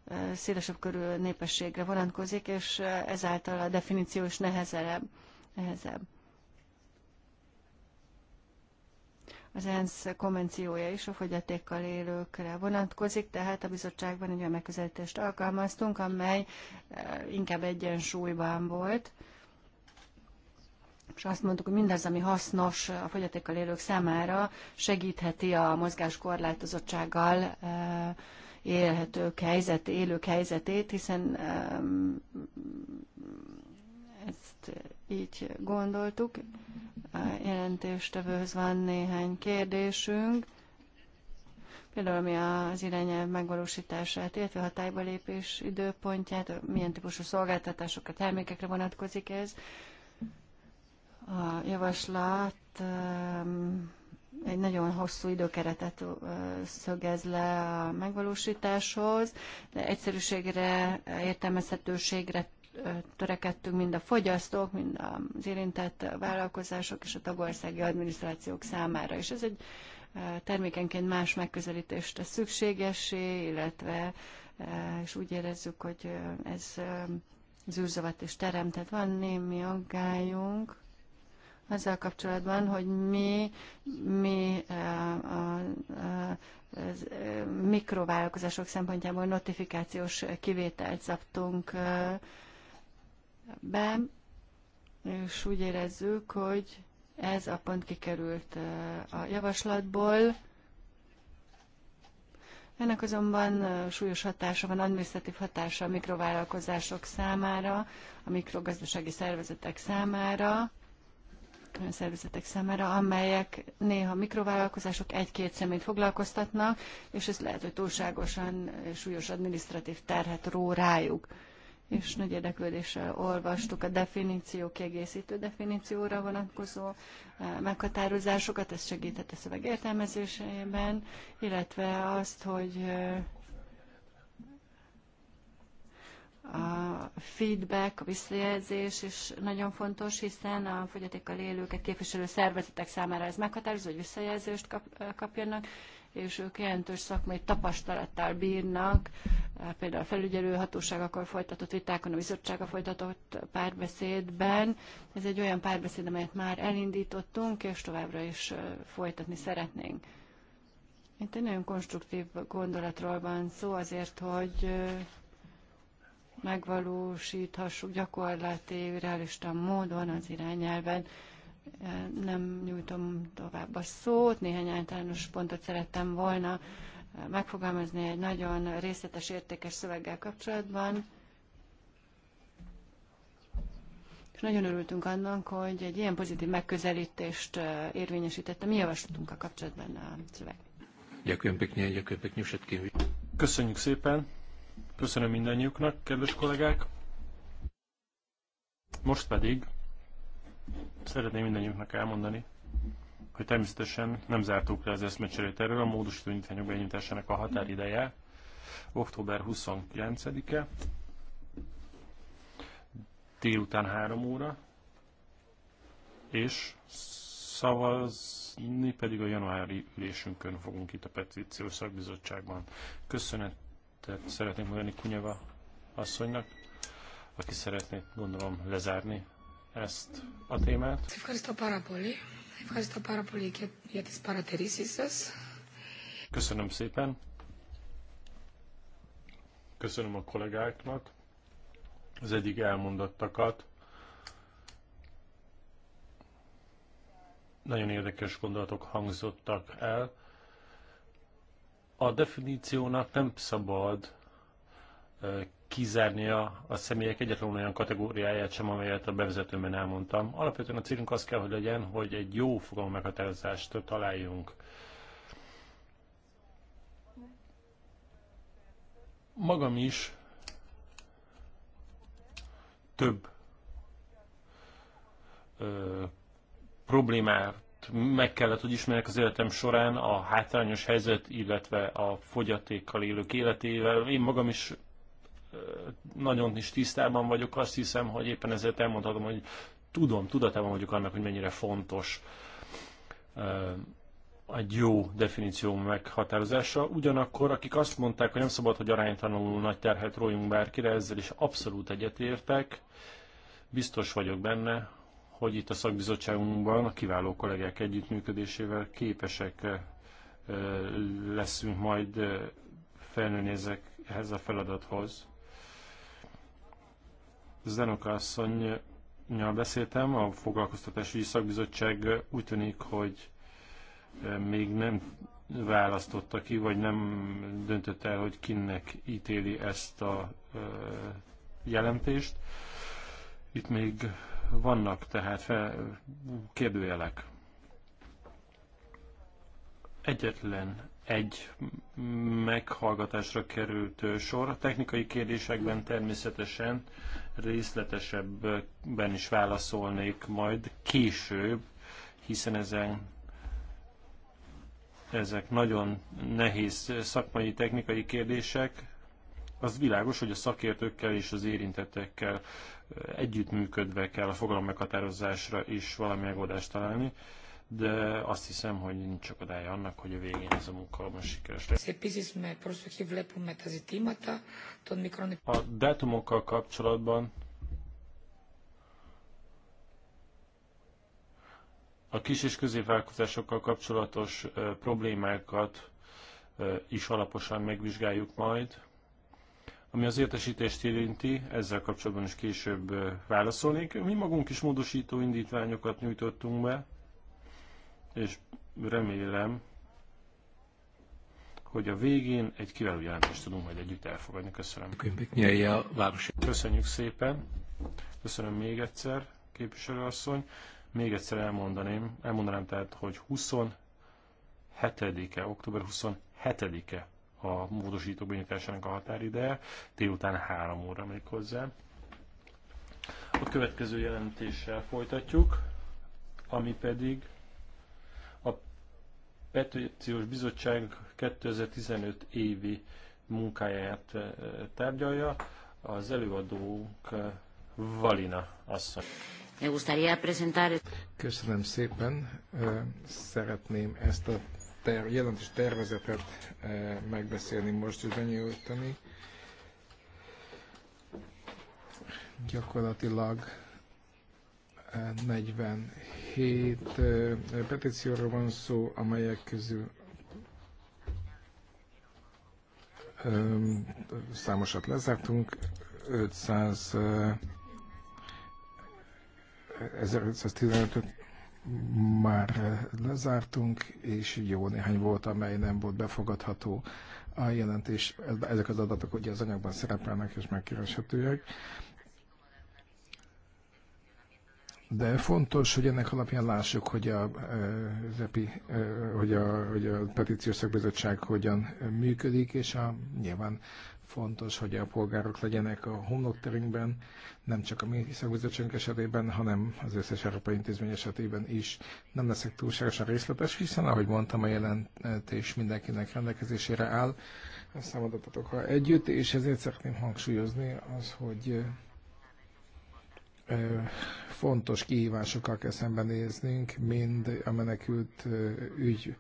uh, szélesebb körű népességre vonatkozik, és uh, ezáltal a definíció is nehezebb. nehezebb. az ENSZ konvenciója is a fogyatékkal élőkre vonatkozik, tehát a bizottságban egy olyan megközelítést alkalmaztunk, amely eh, inkább egyensúlyban volt. És azt mondtuk, hogy mindaz, ami hasznos a fogyatékkal élők számára, segítheti a mozgáskorlátozottsággal eh, élhetők helyzet, élők helyzetét, hiszen eh, ezt így gondoltuk jelentéstevőhöz van néhány kérdésünk, például mi az irányelv megvalósítását, illetve hatályba lépés időpontját, milyen típusú szolgáltatásokat termékekre vonatkozik ez. A javaslat um, egy nagyon hosszú időkeretet uh, szögez le a megvalósításhoz, de egyszerűségre, értelmezhetőségre törekedtünk mind a fogyasztók, mind az érintett vállalkozások és a tagországi adminisztrációk számára. És ez egy termékenként más megközelítést a szükségesé, illetve és úgy érezzük, hogy ez zűrzavat és teremtett van némi aggályunk azzal kapcsolatban, hogy mi, mi a, a, a, az mikrovállalkozások szempontjából notifikációs kivételt szabtunk be, és úgy érezzük, hogy ez a pont kikerült a javaslatból. Ennek azonban súlyos hatása van, administratív hatása a mikrovállalkozások számára, a mikrogazdasági szervezetek számára, olyan szervezetek számára, amelyek néha mikrovállalkozások egy-két szemét foglalkoztatnak, és ez lehet, hogy túlságosan súlyos administratív terhet ró rájuk és nagy érdeklődéssel olvastuk a definíció, kiegészítő definícióra vonatkozó eh, meghatározásokat, ez segített a szöveg értelmezésében, illetve azt, hogy eh, a feedback, a visszajelzés is nagyon fontos, hiszen a fogyatékkal élőket képviselő szervezetek számára ez meghatározó, hogy visszajelzést kapjanak, és ők jelentős szakmai tapasztalattal bírnak, például a felügyelő folytatott vitákon, a bizottsága folytatott párbeszédben. Ez egy olyan párbeszéd, amelyet már elindítottunk, és továbbra is folytatni szeretnénk. Itt egy nagyon konstruktív gondolatról van szó azért, hogy megvalósíthassuk gyakorlati, realista módon az irányelven nem nyújtom tovább a szót, néhány általános pontot szerettem volna eh, megfogalmazni egy nagyon részletes, értékes szöveggel kapcsolatban. És nagyon örültünk annak, hogy egy ilyen pozitív megközelítést eh, érvényesítette. Mi javaslatunk a kapcsolatban a szöveg? Köszönjük szépen! Köszönöm mindannyiuknak, kedves kollégák! Most pedig Szeretném mindannyiunknak elmondani, hogy természetesen nem zártuk le az eszmecserét erről, a módosító indítványok benyújtásának a határideje október 29-e, délután 3 óra, és szavazni pedig a januári ülésünkön fogunk itt a petíció szakbizottságban. Köszönetet szeretnék mondani Kunyava asszonynak, aki szeretné, gondolom, lezárni ezt a témát. Köszönöm szépen. Köszönöm a kollégáknak az eddig elmondottakat. Nagyon érdekes gondolatok hangzottak el. A definíciónak nem szabad eh, a, a személyek egyetlen olyan kategóriáját sem, amelyet a bevezetőben elmondtam. Alapvetően a célunk az kell, hogy legyen, hogy egy jó fogalom meghatározást találjunk. Magam is több ö, problémát meg kellett, hogy ismerjek az életem során a hátrányos helyzet, illetve a fogyatékkal élők életével. Én magam is nagyon is tisztában vagyok, azt hiszem, hogy éppen ezért elmondhatom, hogy tudom, tudatában vagyok annak, hogy mennyire fontos egy jó definíció meghatározása. Ugyanakkor, akik azt mondták, hogy nem szabad, hogy aránytalanul nagy terhet rójunk bárkire, ezzel is abszolút egyetértek. Biztos vagyok benne, hogy itt a szakbizottságunkban a kiváló kollégák együttműködésével képesek leszünk majd felnőni ezekhez a feladathoz. Zenoka asszonynal beszéltem, a foglalkoztatási szakbizottság úgy tűnik, hogy eh, még nem választotta ki, vagy nem döntött el, hogy kinek ítéli ezt a eh, jelentést. Itt még vannak tehát fel, kérdőjelek. Egyetlen egy meghallgatásra került sor. A technikai kérdésekben természetesen részletesebben is válaszolnék majd később, hiszen ezen ezek nagyon nehéz szakmai, technikai kérdések. Az világos, hogy a szakértőkkel és az érintettekkel együttműködve kell a fogalom meghatározásra is valami megoldást találni de azt hiszem, hogy nincs akadálya annak, hogy a végén ez a most sikeres lesz. A dátumokkal kapcsolatban a kis és középvállalkozásokkal kapcsolatos problémákat is alaposan megvizsgáljuk majd. Ami az értesítést érinti, ezzel kapcsolatban is később válaszolnék. Mi magunk is módosító indítványokat nyújtottunk be és remélem, hogy a végén egy kiváló jelentést tudunk majd együtt elfogadni. Köszönöm. Köszönjük szépen. Köszönöm még egyszer, képviselőasszony. Még egyszer elmondaném, elmondanám tehát, hogy 27-e, október 27-e a módosítók benyújtásának a határideje, délután 3 óra még hozzá. A következő jelentéssel folytatjuk, ami pedig Petíciós Bizottság 2015 évi munkáját eh, tárgyalja. Az előadónk eh, Valina asszony. Köszönöm szépen. Eh, szeretném ezt a ter jelentős tervezetet megbeszélni most hogy benyújtani. Gyakorlatilag 47 petícióról van szó, amelyek közül számosat lezártunk, 500 1515 már lezártunk, és jó néhány volt, amely nem volt befogadható a jelentés. Ezek az adatok ugye az anyagban szerepelnek és megkereshetőek. De fontos, hogy ennek alapján lássuk, hogy a, EPI, e e, hogy a, hogy a petíciós szakbizottság hogyan működik, és a, nyilván fontos, hogy a polgárok legyenek a homlokterünkben, nem csak a mi szakbizottságunk esetében, hanem az összes európai intézmény esetében is. Nem leszek túlságosan részletes, hiszen ahogy mondtam, a jelentés mindenkinek rendelkezésére áll a számadatokkal együtt, és ezért szeretném hangsúlyozni az, hogy fontos kihívásokkal kell szembenéznünk, mind a menekült ügy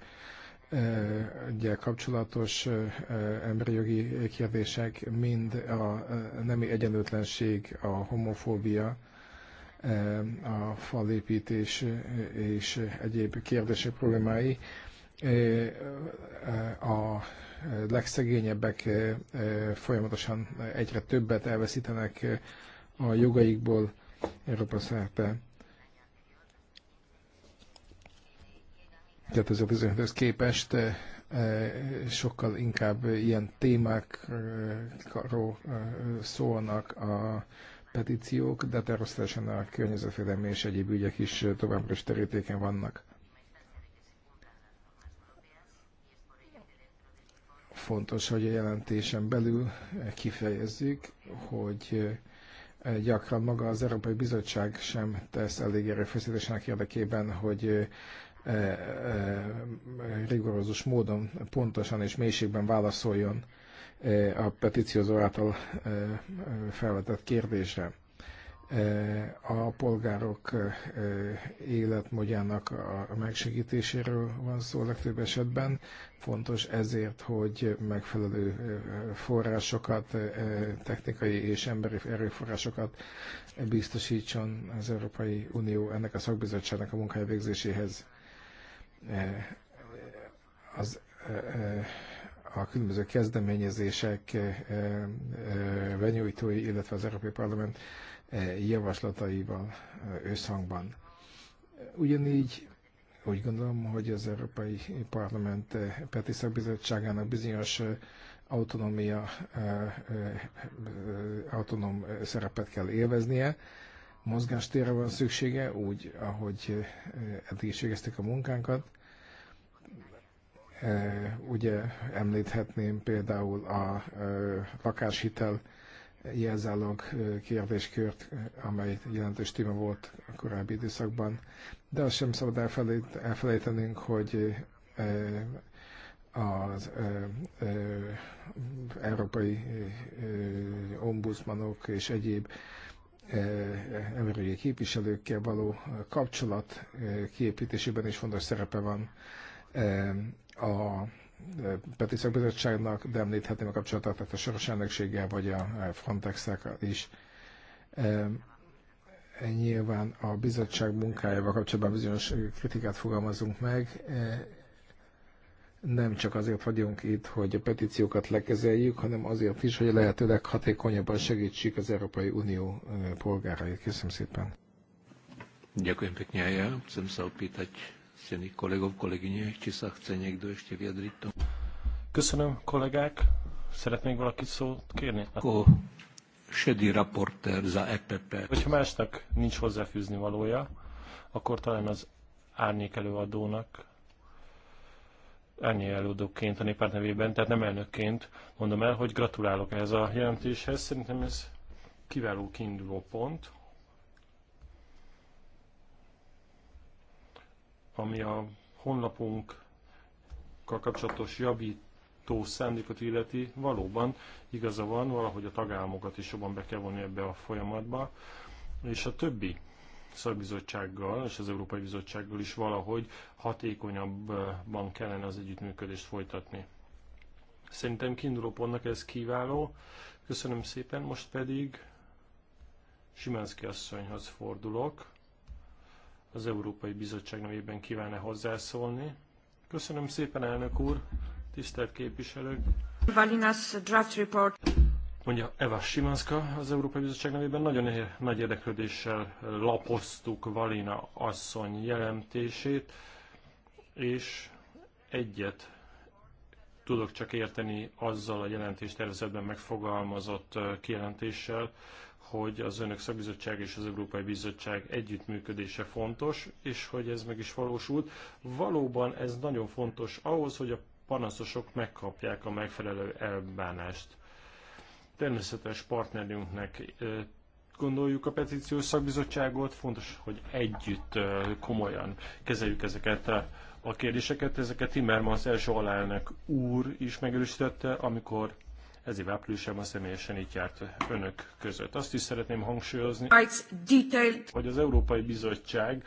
ugye kapcsolatos emberi jogi kérdések, mind a nemi egyenlőtlenség, a homofóbia, a falépítés és egyéb kérdések problémái. A legszegényebbek folyamatosan egyre többet elveszítenek a jogaikból, Európa szerte. a bizonyos képest eh, sokkal inkább ilyen témákról eh, szólnak a petíciók, de természetesen a környezetvédelmi és egyéb ügyek is továbbra is terítéken vannak. Fontos, hogy a jelentésen belül kifejezzük, hogy gyakran maga az Európai Bizottság sem tesz elég erőfeszítésnek érdekében, hogy rigorózus módon pontosan és mélységben válaszoljon a petíciózó által felvetett kérdésre. Eh, a polgárok eh, eh, életmódjának a megsegítéséről van szó a legtöbb esetben. Fontos ezért, hogy megfelelő forrásokat, technikai és emberi erőforrásokat biztosítson az Európai Unió ennek a szakbizottságnak a munkája végzéséhez. Az a különböző kezdeményezések benyújtói, illetve az Európai Parlament E, javaslataival e, összhangban. Ugyanígy úgy gondolom, hogy az Európai Parlament e, Peti Szakbizottságának bizonyos autonómia, autonóm szerepet kell élveznie, mozgástérre van szüksége, úgy, ahogy eddig is a munkánkat. Ugye említhetném például a lakáshitel jelzálog kérdéskört, amely jelentős téma volt a korábbi időszakban. De azt sem szabad elfelejt, elfelejtenünk, hogy az európai ombudsmanok és egyéb emberi képviselőkkel való kapcsolat kiépítésében is fontos szerepe van a Petíciók Bizottságnak, de említhetném a kapcsolatot a soros elnökséggel, vagy a frontex is. E, nyilván a bizottság munkájával kapcsolatban bizonyos kritikát fogalmazunk meg. Nem csak azért vagyunk itt, hogy a petíciókat lekezeljük, hanem azért is, hogy lehetőleg hatékonyabban segítsük az Európai Unió polgárait. Köszönöm szépen! Ďakujem pekne aj ja. Chcem sa opýtať ctených kolegov, kolegyne, či sa chce niekto ešte vyjadriť tomu. Köszönöm, kollégák. Szeretnék valakit szót kérni? Ko Sedi raporter za EPP. Hogyha másnak nincs hozzáfűzni valója, akkor talán az árnyék előadónak ennyi előadóként a néppárt nevében, tehát nem elnökként mondom el, hogy gratulálok ehhez a jelentéshez. Szerintem ez kiváló kiinduló pont, ami a honlapunkkal kapcsolatos javító szándékot illeti, valóban igaza van, valahogy a tagállamokat is jobban be kell vonni ebbe a folyamatba, és a többi szakbizottsággal és az Európai Bizottsággal is valahogy hatékonyabban kellene az együttműködést folytatni. Szerintem kiinduló pontnak ez kiváló. Köszönöm szépen, most pedig Simánszki asszonyhoz fordulok az Európai Bizottság nevében kívánne hozzászólni. Köszönöm szépen, elnök úr, tisztelt képviselők. Valinas draft report. Mondja Eva Simanska az Európai Bizottság nevében. Nagyon nagy érdeklődéssel lapoztuk Valina asszony jelentését, és egyet tudok csak érteni azzal a jelentéstervezetben megfogalmazott kijelentéssel, hogy az Önök Szakbizottság és az Európai Bizottság együttműködése fontos, és hogy ez meg is valósult. Valóban ez nagyon fontos ahhoz, hogy a panaszosok megkapják a megfelelő elbánást. Természetes partnerünknek gondoljuk a petíciós szakbizottságot, fontos, hogy együtt komolyan kezeljük ezeket a kérdéseket. Ezeket Timmermans első alelnök úr is megerősítette, amikor ez év áprilisában személyesen itt járt önök között. Azt is szeretném hangsúlyozni, hogy az Európai Bizottság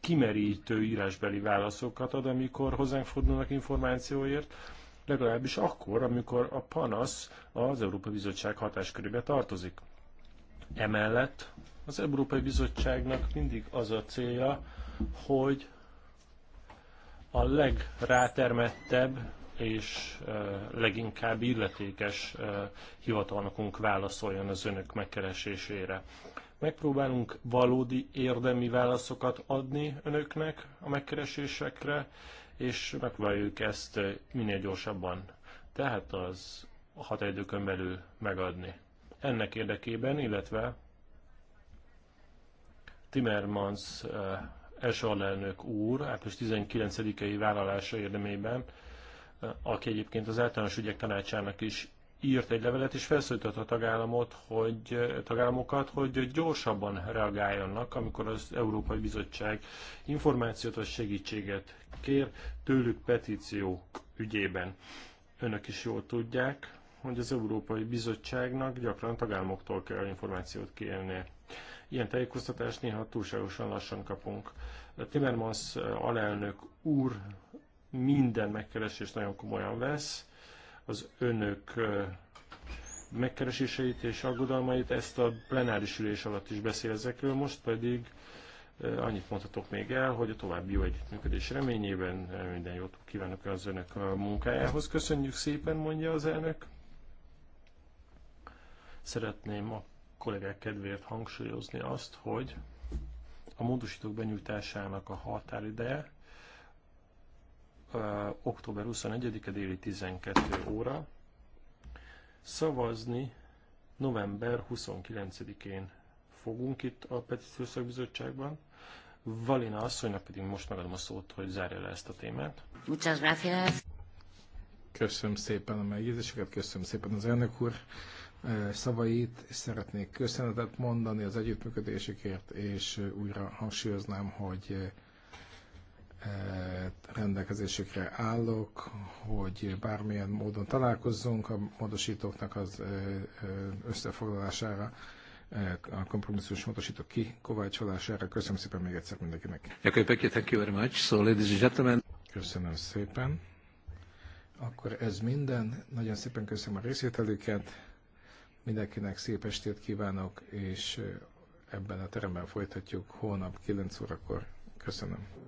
kimerítő írásbeli válaszokat ad, amikor hozzánk fordulnak információért, legalábbis akkor, amikor a panasz az Európai Bizottság hatáskörébe tartozik. Emellett az Európai Bizottságnak mindig az a célja, hogy a legrátermettebb és leginkább illetékes hivatalnokunk válaszoljon az önök megkeresésére. Megpróbálunk valódi érdemi válaszokat adni önöknek a megkeresésekre, és megpróbáljuk ezt minél gyorsabban, tehát az határidőkön belül megadni. Ennek érdekében, illetve Timmermans első alelnök úr április 19-i vállalása érdemében aki egyébként az általános ügyek tanácsának is írt egy levelet, és felszólította a tagállamot, hogy, tagállamokat, hogy gyorsabban reagáljanak, amikor az Európai Bizottság információt vagy segítséget kér tőlük petíciók ügyében. Önök is jól tudják, hogy az Európai Bizottságnak gyakran tagállamoktól kell információt kérnie. Ilyen tájékoztatást néha túlságosan lassan kapunk. Timmermans alelnök úr minden megkeresést nagyon komolyan vesz, az önök megkereséseit és aggodalmait, ezt a plenáris ülés alatt is beszél ezekről, most pedig annyit mondhatok még el, hogy a további jó együttműködés reményében minden jót kívánok az önök a munkájához. Köszönjük szépen, mondja az elnök. Szeretném a kollégák kedvéért hangsúlyozni azt, hogy a módosítók benyújtásának a határideje október 21-e déli 12 óra, szavazni november 29-én fogunk itt a Petíciós Szakbizottságban. Valina asszonynak pedig most megadom a szót, hogy zárja le ezt a témát. Muchas gracias. Köszönöm szépen a megjegyzéseket, köszönöm szépen az elnök úr szavait, és szeretnék köszönetet mondani az együttműködésükért, és újra hangsúlyoznám, hogy rendelkezésükre állok, hogy bármilyen módon találkozzunk a módosítóknak az összefoglalására, a kompromisszus módosítók kikovácsolására. Köszönöm szépen még egyszer mindenkinek. Thank you very much. Köszönöm szépen. Akkor ez minden. Nagyon szépen köszönöm a részvételüket. Mindenkinek szép estét kívánok, és ebben a teremben folytatjuk holnap 9 órakor. Köszönöm.